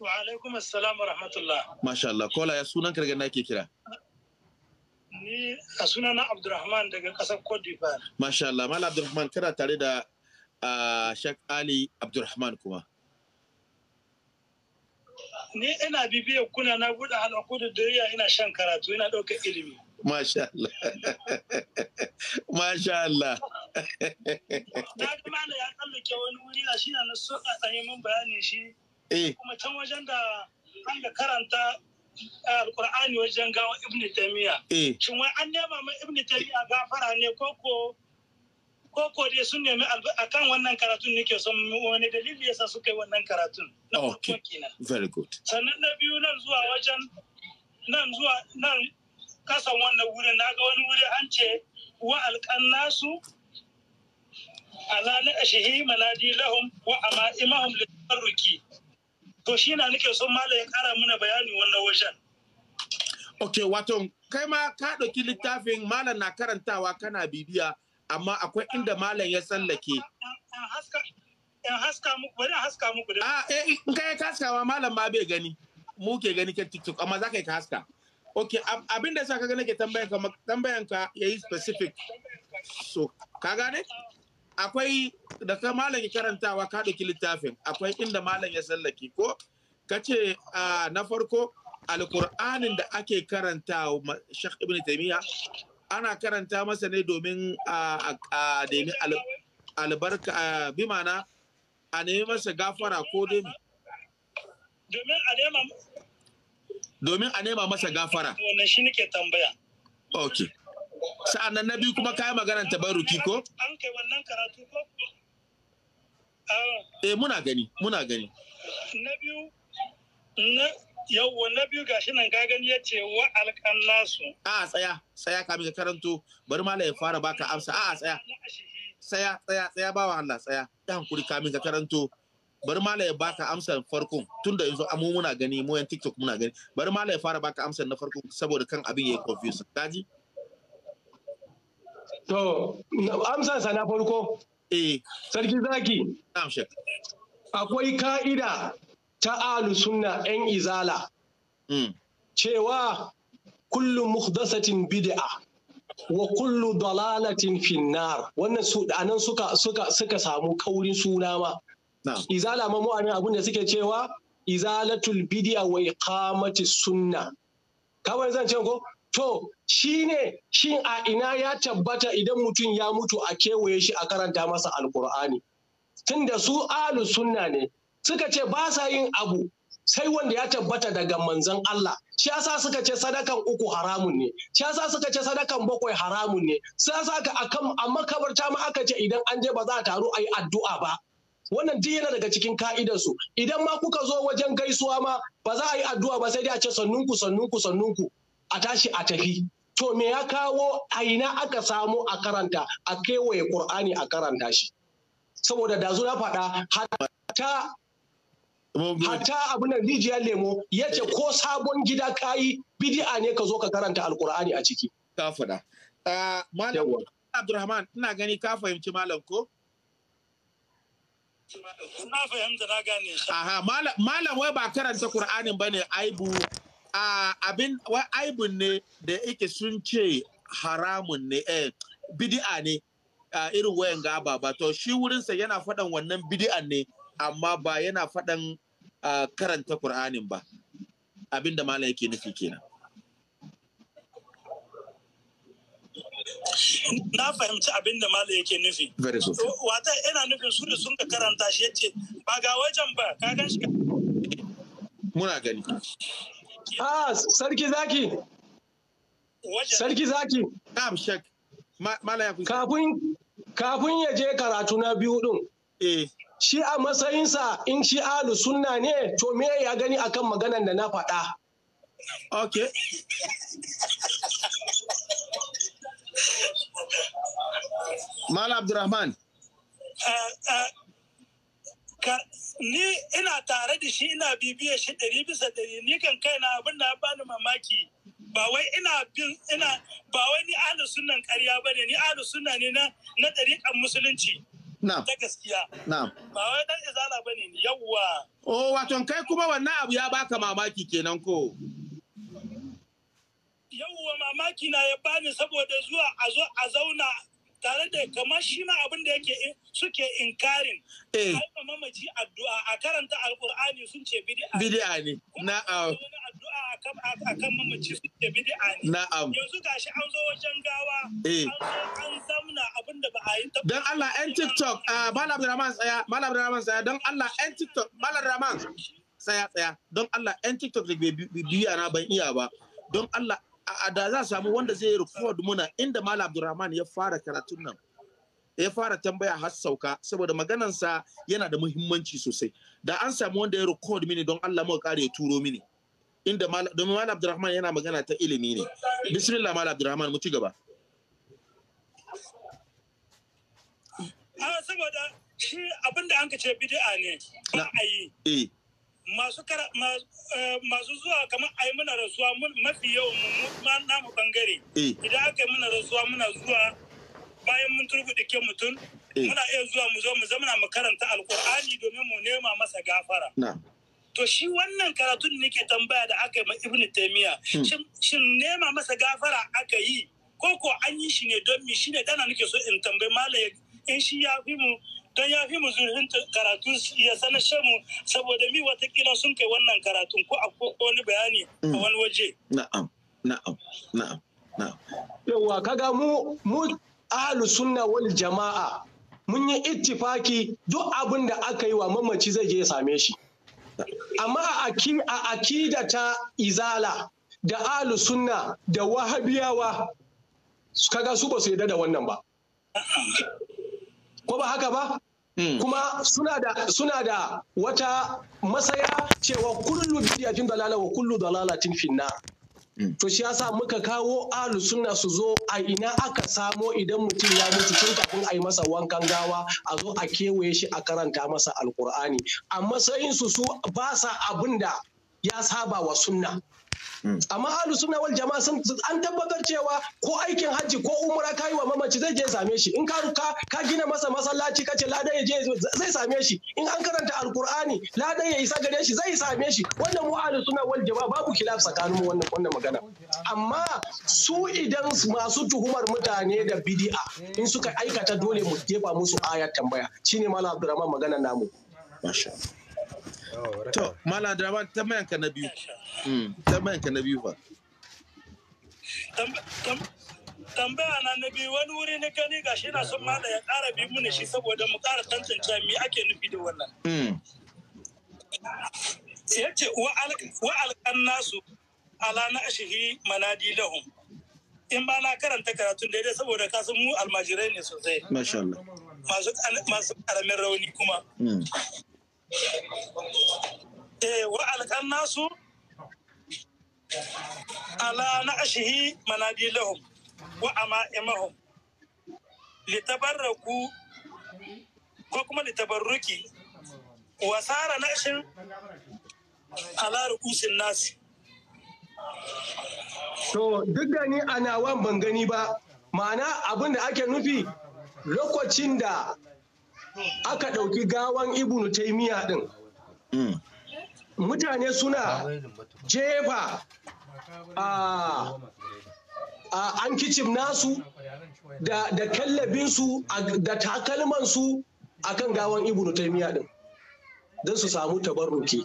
Wa alaikum assalam wa rahmatullah.
Masha Allah, kola ya sunan ka daga na ke kira?
Ni a sunana Abdurrahman daga ƙasar Cote d'Ivoire.
Masha Allah, Mala Abdurrahman kana tare da Shak Ali Abdurrahman kuma.
Ni ina bibiyar kuna na buɗe halakku da dariya ina shan karatu ina ɗaukar ilimi.
Masha Allah. Masha Allah. Na
ga mana ya tsallake wani wuri na shi na na so a tsaye min bayanin shi. Eh. Kuma can wajen da an da karanta alkur'ani wajen gawa ibn taymiya eh. shin wai an nema ma ibn taymiya gafara ne koko koko dai sun nemi akan wannan karatun nake son wani dalili yasa suka yi wannan karatun na farko
kenan very good
sannan na biyu nan zuwa wajen nan zuwa nan kasan wannan wurin na ga wani wuri an ce wa alƙannasu ala na ashihi maladi lahum wa ama imahum litarruki to shi na nake son malam ya kara mana bayani wannan wajen
ok wato kai ma ka ɗauki littafin malam na karantawa kana bibiya amma akwai inda malam ya tsallake
in haska muku bari haska muku da
ah eh in kai ka haskawa malam ma bai gani mu ke gani kan TikTok amma za ka yi ka haska okay abin da yasa kaga nake tambayan ka tambayan ka yayi specific so ka gane akwai da ka malam ya karantawa ka ɗauki littafin akwai inda malam ya sallake ko ka ce na farko alkur'anin da ake karanta wa shek ibn taimiyya ana karanta masa ne domin a nemi albarka bi mana a nemi masa gafara ko domin domin a nema masa gafara wannan shi nake tambaya okay sa'an na biyu kuma kayan maganar tabarruki ko?
An kai wannan karatu ko?
Ah. Eh muna gani, muna gani.
Na biyu, na yawwa na biyu gashi nan gagan ya ce wa alƙannasu.
nasu. A tsaya, tsaya kamin ka karanto, bari ma ya fara baka amsa. A tsaya. Tsaya, tsaya, tsaya bawa Allah, tsaya. Ya hankuri kamin ka karanto. Bari ma ya baka amsar farkon tunda yanzu amu muna gani mu yan TikTok muna gani. Bari ma ya fara baka amsar na farkon saboda kan abin ya yi confusing. Daji?
To, amsa na farko. Eh. Sarki zaki. Akwai ka'ida ta alu sunna 'yan izala. Hmm. Cewa kullu muhdasatin bid'a wa kullu dalalatin finnar wannan su anan suka samu kaurin suna ma izala ma mu'amin abin da suke cewa izalatul bid'a wa iqamati sunna kawai zan ce ko To shi ne shin a ina ya tabbata idan mutum ya mutu a kewaye shi a karanta masa alkur'ani. Tunda su alu sunna ne suka ce ba sa yin abu sai wanda ya tabbata daga manzon Allah. Shi yasa suka ce sadakan uku haramun ne, shi yasa suka ce sadakan bakwai haramun ne, shi yasa ka akan a makabarta ma aka ce idan an je ba za a taru a yi addu'a ba. Wannan duk yana daga cikin ka'idarsu. Idan ma kuka zo wajen gaisuwa ma ba za a yi addu'a ba sai dai a ce sannunku sannunku sannunku. a tashi a tafi to me ya kawo a ina aka samu a karanta a kewaye Kur'ani a karanta shi saboda da na faɗa hata Hata abin da rijiyar lemo ya ce ko sabon gida kayi bidi'a ne ka zo ka karanta alkur'ani
a ciki ka faɗa ah, malam abdurrahman ina gani ka fahimci malam ko na fahimta na gane shi aha malam wai ba karanta qur'anin bane aibu abin wa aibun ne da yake sun ce haramun ne eh bid'a ne irin wayan ga ababa to shi wurinsa yana faɗan wannan bid'an ne amma ba yana faɗan karanta Kur'anin ba abin da malam yake nufi kenan
na fahimci abin da malam yake nufi wata yana nufin su da sun ka karanta shi yace ba ga wajen ba ka gan shi
muna gani Ah, sarki zaki sarki zaki kafin ya je karatu na biyu din eh shi a matsayinsa in shi alu sunna ne to me ya gani akan maganan da na faɗa Ok. Mala Abdurrahman.
Eh, eh, ni ina tare da shi ina bibiya shi ɗari bisa ɗari ni kan kaina abin da bani mamaki ba wai ina bin ina ba wai ni ahlu sunnan ƙarya ba ne ni ahlu sunna ne na na ɗariƙan musulunci ta gaskiya ba wai dan izala ba ne yawwa
oh wato kai kuma wannan abu ya baka mamaki kenan ko
yawwa mamaki na ya bani saboda zuwa a zo a zauna tare da kamar shi ma abin da yake suke inkarin aika eh. mamaci addu'a a karanta alkur'ani sun ce
bid'a ne na'am
addu'a akan mamaci sun ce bid'a ne na'am yanzu gashi an zo wajen gawa eh. an zamna abin da ba a yi Don Allah yan
TikTok ah, Malam Abdulrahman tsaya Malam Abdulrahman tsaya don Allah yan TikTok Malam Abdulrahman tsaya tsaya don Allah yan TikTok da bibiya na ban iya ba don Allah da za samu wanda zai record muna inda Malam Abdulrahman ya fara karatun nan ya fara tambaya har sauka saboda maganansa yana da muhimmanci sosai da an samu wanda ya record mini don Allah mu kare ya turo mini inda domin Malam Abdulrahman yana magana ta ilimi ne bismillah Malam Abdulrahman mu ci gaba
a ah, saboda shi abinda an ka ce bid'a ne ba a yi eh. Eh, masu zuwa kamar ai muna rasuwa mafi yawan mu namu bangare eh. idan aka yi muna rasuwa muna zuwa bayan mun da ke mutum eh. muna iya zuwa mu zo mu zama mu karanta alkur'ani domin mu nema masa gafara to shi wannan karatun ne ke tambaya da aka yi ma ibn taymiya hmm. shin nema masa gafara aka yi ko ko an yi shi ne don mi shine dana nake so in tambayi malam in shi ya fi mu don ya fi mu zurfin karatu ya sanar mu saboda mi watakila sun kai wannan karatun ko a wani bayani a mm. wani waje.
Na'am, na'am, na'am,
na'am. Yawwa kaga mu mu sunna wal jama'a mun yi ittifaki duk abin da aka yi wa mamaci zai je same shi. Amma a akida ta izala da ahlu sunna da wahabiyawa kaga su ba su yarda da wannan ba. ko ba haka ba hmm. kuma suna da suna da wata masaya cewa kullu bidiyatin dalala wa kullu dalalatin finna hmm. to shi yasa muka kawo alu suna su zo a ina aka samo idan mutum ya mutu tun kafin a yi masa wankan gawa a zo a kewaye shi a karanta masa alkur'ani a matsayin su su ba sa abin da ya saba wa sunna Hmm. amma ahlu sunna wal jama'a sun an tabbatar cewa ko aikin hajji ko umra kai wa mamaci zai je same shi in ka ka gina masa masallaci ka ce ladan je zai same shi in an karanta alqur'ani ladan ya isa gare shi zai same shi wannan mu ahlu sunna wal jama'a babu khilaf tsakanin mu wannan wannan magana amma su idan masu tuhumar mutane da bid'a in suka aikata dole mu jefa musu ayar tambaya shine malam abdurrahman magana namu
masha Oh, to, Mala ta tambayan ka na biyu. Hmm. Tambayan ka na biyu ba.
Tambaya na na biyu wani wuri na gani gashi na son mala ya ƙara bi mu shi saboda mu ƙara tantance mi ake nufi da wannan. Hmm. Ya ce wa alƙan nasu ala na ashihi manadi lahum. In ba na karanta karatun daidai saboda san mu almajirai ne sosai. Masu ƙaramin rauni kuma. Hmm. eh wa alkan nasu ala na ashihi manabilahum wa ama'imahum litabarraku ko kuma litabarruki wa sara na ashin ala rukusin nasu.
to duk da ni a nawan ban gani ba ma'ana abin da ake nufi lokacin da aka ɗauki gawan ibnu taimiyya ɗin hmm. mutane suna jefa an kicim nasu da, kallabinsu da takalmansu a kan gawan ibnu taimiyya ɗin don su samu tabarruki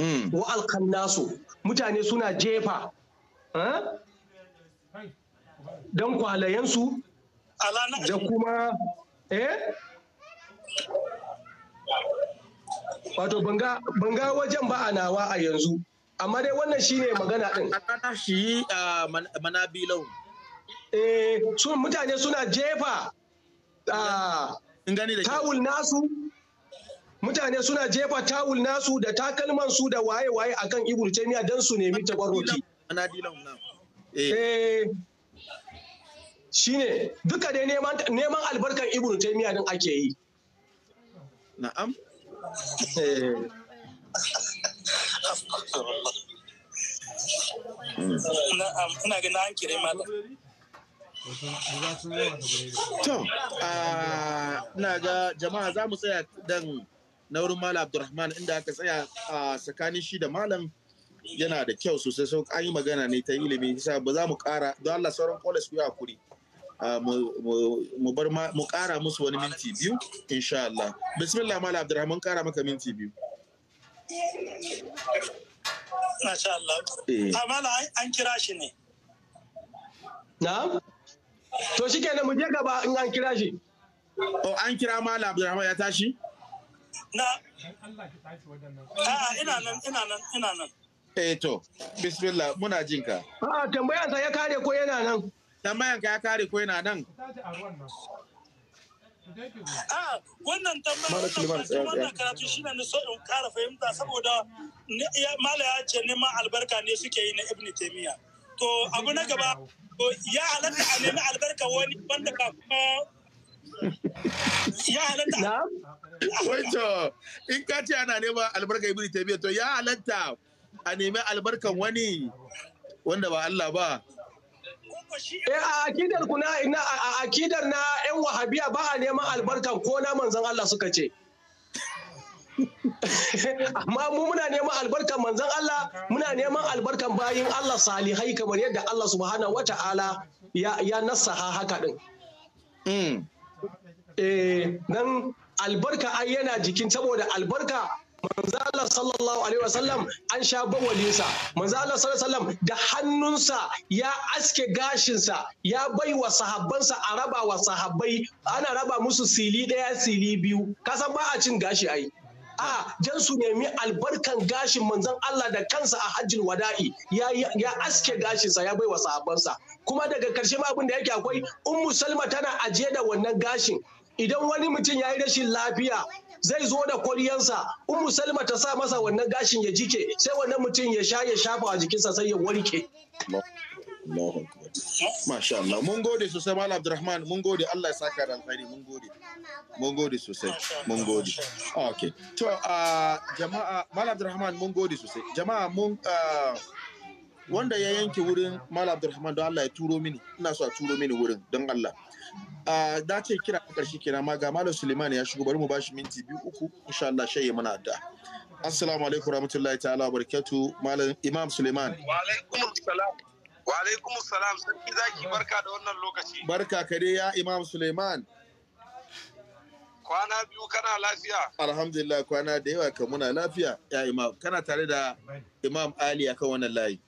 hmm. wa alkan nasu mutane suna jefa don kwalayensu da kuma eh Wato banga wajen ba a nawa a yanzu, amma dai wannan shine magana ɗin. Ana shi
manabilau.
Eh, sun mutane suna jefa
tawul
nasu, mutane suna jefa tawul nasu da takalman su da waye-waye akan Ibn Taymiyyah don su nemi tabarruki. Eh. eh, shine duka dai neman albarkan Ibn Taymiyyah din ake
yi. na'am ina ga To, ina ga jama'a za mu tsaya dan naurin Malam Abdulrahman inda aka tsaya a tsakanin shi da Malam yana da kyau sosai sau an yi magana ne ta ilimi, ba za mu ƙara, don Allah sauran kola ku yi kuri. Ah, mu bar mu kara musu wani minti biyu insha Allah bismillah mala abdurrahman kara maka minti biyu
Masha Allah. Eh. Amala ah, an kira shi ne.
Na? To shi kenan mu je gaba in an kira shi. O oh, an
kira Mala abdurrahman ya tashi?
Na. Ah, ina nan ina nan ina nan.
Eh to, bismillah muna jinka. A'a tambayansa ya kare ko yana nan? tambayan ka ya kare ko yana nan
ah, wannan tambayar wannan karatu shi ne so in kara fahimta saboda mala ya ce neman albarka ne suke yi na ibn taimiyya to abu na gaba
ya halatta a nemi albarka wani wanda ka kuma ya halatta wato in ka ce ana neman albarka ibn taimiyya to ya halatta a nemi albarkan wani wanda ba Allah ba
Eh, a akidar ku na a akidar na
yan wahabiya ba a neman albarkan
ko na manzon Allah suka ce amma mu muna neman albarkan manzon Allah muna neman albarkan bayin Allah salihai kamar yadda Allah subhanahu wata'ala ya ya nasaha haka din mm. eh dan albarka ai yana jikin saboda albarka manzo sallallahu alaihi wasallam an sha bawalinsa manzo Allah sallallahu alaihi wasallam da hannunsa ya aske gashinsa ya bai wa sahabbansa a raba wa sahabbai ana raba musu sili daya sili biyu kasan ba a cin gashi ai a jan su nemi albarkan gashin manzon Allah da kansa a hajjin wada'i ya aske gashinsa ya bai wa sahabbansa kuma daga karshe ma abin da yake akwai ummu salma tana ajiye da wannan gashin idan wani mutum ya yi rashin lafiya zai zo da kuryansa ummu salma ta sa masa wannan gashin ya
jike sai wannan mutum ya sha ya shafa a jikinsa sai ya warke Masha Allah, mun gode sosai Malam Abdulrahman, mun gode Allah ya saka da alfahari, mun gode. Mun gode sosai, mun gode. Okay. To, uh, jama'a Malam Abdulrahman mun gode sosai. Jama'a mun uh, wanda ya yanke wurin Malam Abdulrahman don Allah ya turo mini, ina so a turo mini wurin don Allah. a dace kira a ƙarshe kenan ma ga malam suleiman ya shigo bari mu bashi minti biyu uku insha Allah shi ya mana da assalamu alaikum rahmatullahi ta'ala barkatu malam imam suleiman
wa alaikum salam wa alaikum salam sarki zaki barka da wannan lokaci
barka ka dai ya imam suleiman
kwana biyu kana lafiya
alhamdulillah kwana da yawa ka muna lafiya ya imam kana tare da imam ali akan wannan layi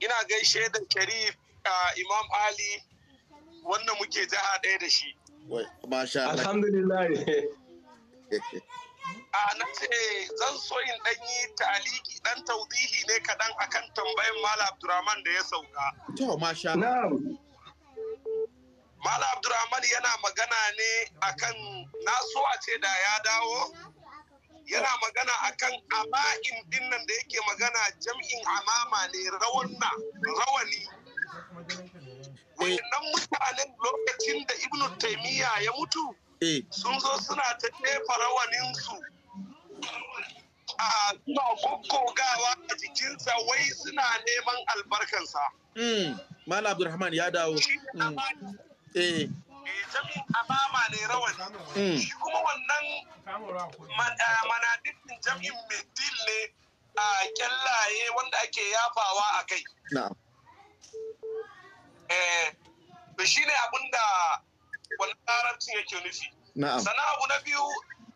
ina gaishe da sharif imam ali wannan muke jiha ɗaya da shi.
Alhamdulillah.
A na ce zan so in ɗan yi taliki ɗan taudihi ne kaɗan akan tambayin Mala Abdurrahman da ya sauka.
To, masha Mala Abdurrahman yana magana ne
akan nasuwa ce da ya dawo. yana magana akan ama'in din nan da yake magana jam'in amama ne rawanna akwai dan mutanen lokacin da ibn taimiyya ya mutu eh. sun zo suna ta jefa rawaninsu a suna goggogawa a jikinsa wai suna neman albarkansa
hmm. Mala Abdulrahman ya dawo. Hmm. Eh. eh
Jami Amama ne rawani. Hmm. Shi kuma wannan eh, manadin jami'in mai ne a kyallaye wanda ake yafawa a kai. Eh, to shi ne abin da wani yake nufi sana abu na biyu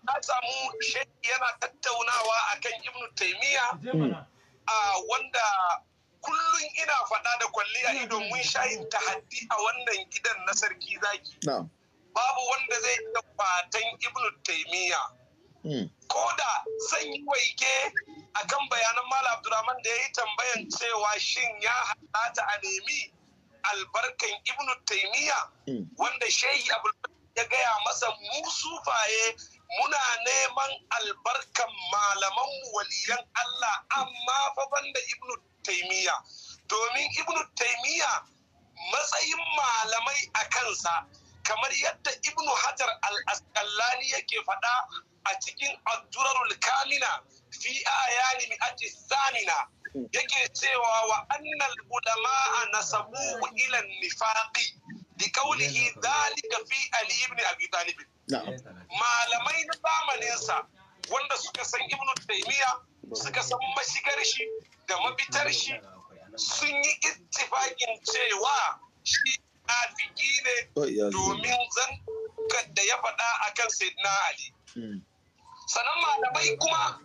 na samu sheki yana tattaunawa akan ibnu hmm. A wanda kullum ina faɗa da kwalli a ido mun sha yin tahaddi a wannan gidan
na sarki zaki babu wanda zai
iya fatan Ibn taimiya
hmm. ko da zan yi waike
a kan bayanan mala Abdulrahman da ya yi tambayan cewa shin ya haɗata a nemi albarkan ibnu taimiya hmm. wanda shehi abu ya gaya masa mu sufaye muna neman albarkan malaman waliyan Allah amma fa banda ibnu taimiya domin ibnu taimiya matsayin malamai a kansa kamar yadda ibnu hajar al-asqalani yake faɗa a cikin addurarul kamina fi ayani mi'ati yake cewa wa annal ulama nasabuhu ila nifaqi bi qawlihi dhalika fi ali ibn abi talib malamai na zamanin sa wanda suka san ibn taymiya suka san mashigar shi da mafitar shi sun yi ittifakin
cewa shi nafiki ne oh, domin zan da ya faɗa akan
sayyidina ali hmm. sanan malamai kuma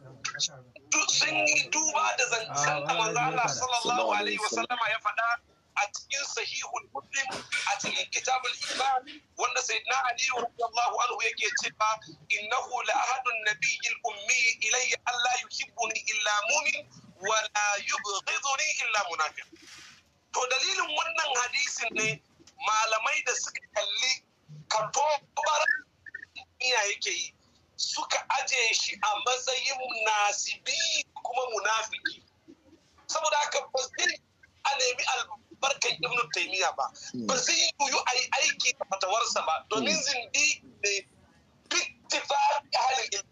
sun yi duba da zancen da manzo Allah sallallahu alaihi wasallama ya faɗa a cikin sahihul muslim a cikin kitabul iman wanda sayyidina ali radiyallahu anhu yake cewa innahu la ahadun nabiyil ummi ilayya alla yuhibbuni illa mu'min wa la yubghiduni illa munafiq to dalilin wannan hadisin ne malamai da suka kalli kanto bara yake yi suka aje shi a matsayin nasibi kuma munafiki saboda haka ba zai a nemi albarkar ibn taimiyya ba hmm. ba zai yi a yi aiki da fatawarsa ba domin hmm. zindi ne bittifaqi halin ilmi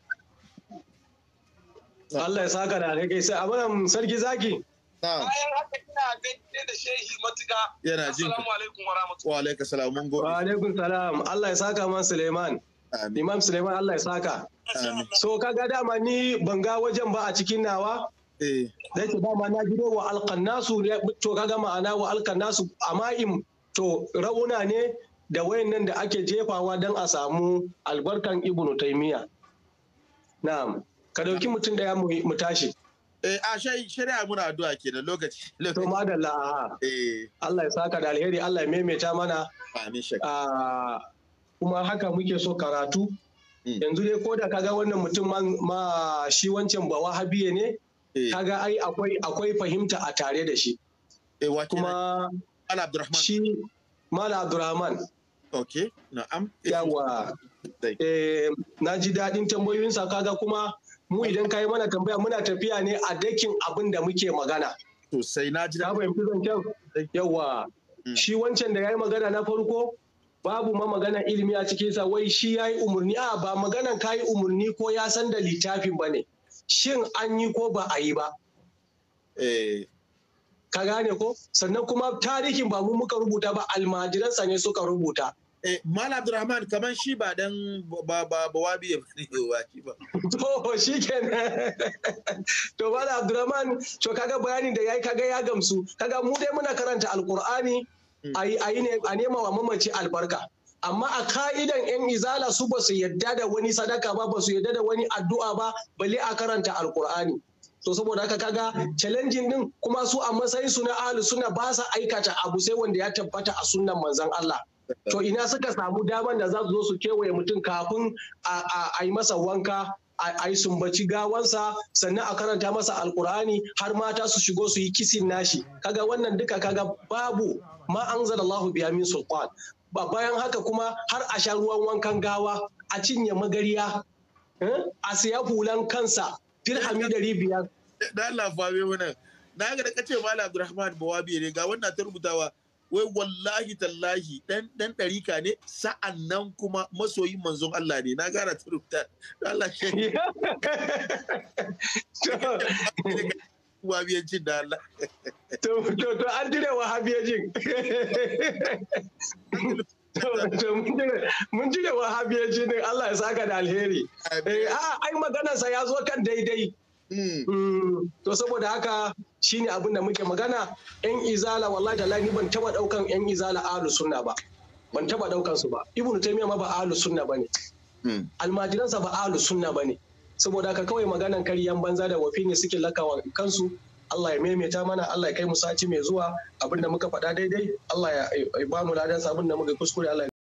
Allah ya saka da kake sai wannan sarki zaki bayan
haka ina gaishe da shehi matuka yana jin assalamu alaikum wa rahmatullahi
wa alaikum salam mun gode wa alaikum salam Allah ya saka man Suleiman Imam Suleiman Allah ya saka. So kaga dama ni ban ga wajen ba a cikin nawa eh. da ce dama na gido wa ne to kaga ma'ana wa alkannasu ama'im to rauna ne da wayannan da ake jefawa don a samu albarkan ibnu taimiya na'am ka dauki mutum daya mu tashi
eh a shai shari'a muna addu'a kenan lokaci to madalla eh. Allah ya saka da alheri Allah ya maimaita mana amin kuma haka muke so
karatu hmm. yanzu dai ko da kaga wannan mutum ma shi wancan ba wahabiye ne eh. kaga ai akwai akwai fahimta a tare da shi eh, kuma shi mala abdurrahman ok na'am yawa eh, na ji daɗin tambayoyinsa kaga kuma mu idan kayi mana tambaya muna tafiya ne a dakin abin da muke magana sosai na ji daɗin yawa hmm. shi wancan da ya yi magana na farko babu ma magana ilimi a cikin sa wai shi yayi umurni a ba maganan kayi umurni ko ya san da littafin ba ne shin an yi ko ba a yi ba eh ka gane ko sannan kuma tarihin
ba mu muka rubuta ba sa ne suka rubuta Eh, Mal abdurrahman kaman shi ba dan ba ba ba wabi ya ba shi ba. To shi kenan.
To Mal abdurrahman to kaga bayanin da yayi kaga ya gamsu. Kaga mu dai muna karanta Alkur'ani Mm. a nema wa mamaci albarka amma a ka'idan 'yan izala su ba su yadda da wani sadaka ba ba su yadda da wani addu'a ba bale a karanta alkur'ani to saboda haka kaga challenging din kuma su a matsayin su na suna ba sa aikata abu sai wanda ya tabbata a sunnan manzon Allah to ina suka samu daman da za su zo su kewaye mutum kafin a yi masa wanka a yi sumbaci gawansa sannan a karanta masa alkur'ani har mata su shigo su yi kisin nashi kaga wannan duka kaga babu ma Allahu biya min sulqan bayan haka kuma har a sha ruwan wankan gawa a cinye magariya eh, a siya hulan kansa dirhami dari biyar
da Allah fabe wannan na ga da kace mala Abdulrahman Bawabi ne ga wannan ta rubutawa wai wallahi tallahi dan dan dariƙa ne sa'an nan kuma masoyin manzon Allah ne na gara ta rubuta Allah shi wahabiyancin da Allah. To, to, jire an dire wahabiyancin. Mun jire da wahabiyancin
din Allah ya saka da alheri. A eh, ah, ai maganarsa ya zo kan daidai. Hmm. Hmm, to saboda haka shi ne abin da muke magana yan izala wallahi da ni ban taba daukan yan izala ahlu sunna ba. Ban taba daukan su ba. Ibn Taymiyyah ma ba ahlu sunna ne. Hmm. Almajiransa ba ahlu sunna ne. saboda haka kawai maganan karyan banza da wafi ne suke lakawa kansu Allah ya maimaita mana Allah ya kai mu sati mai zuwa abinda muka faɗa daidai Allah ya ba mu ladan abin da muka kuskure Allah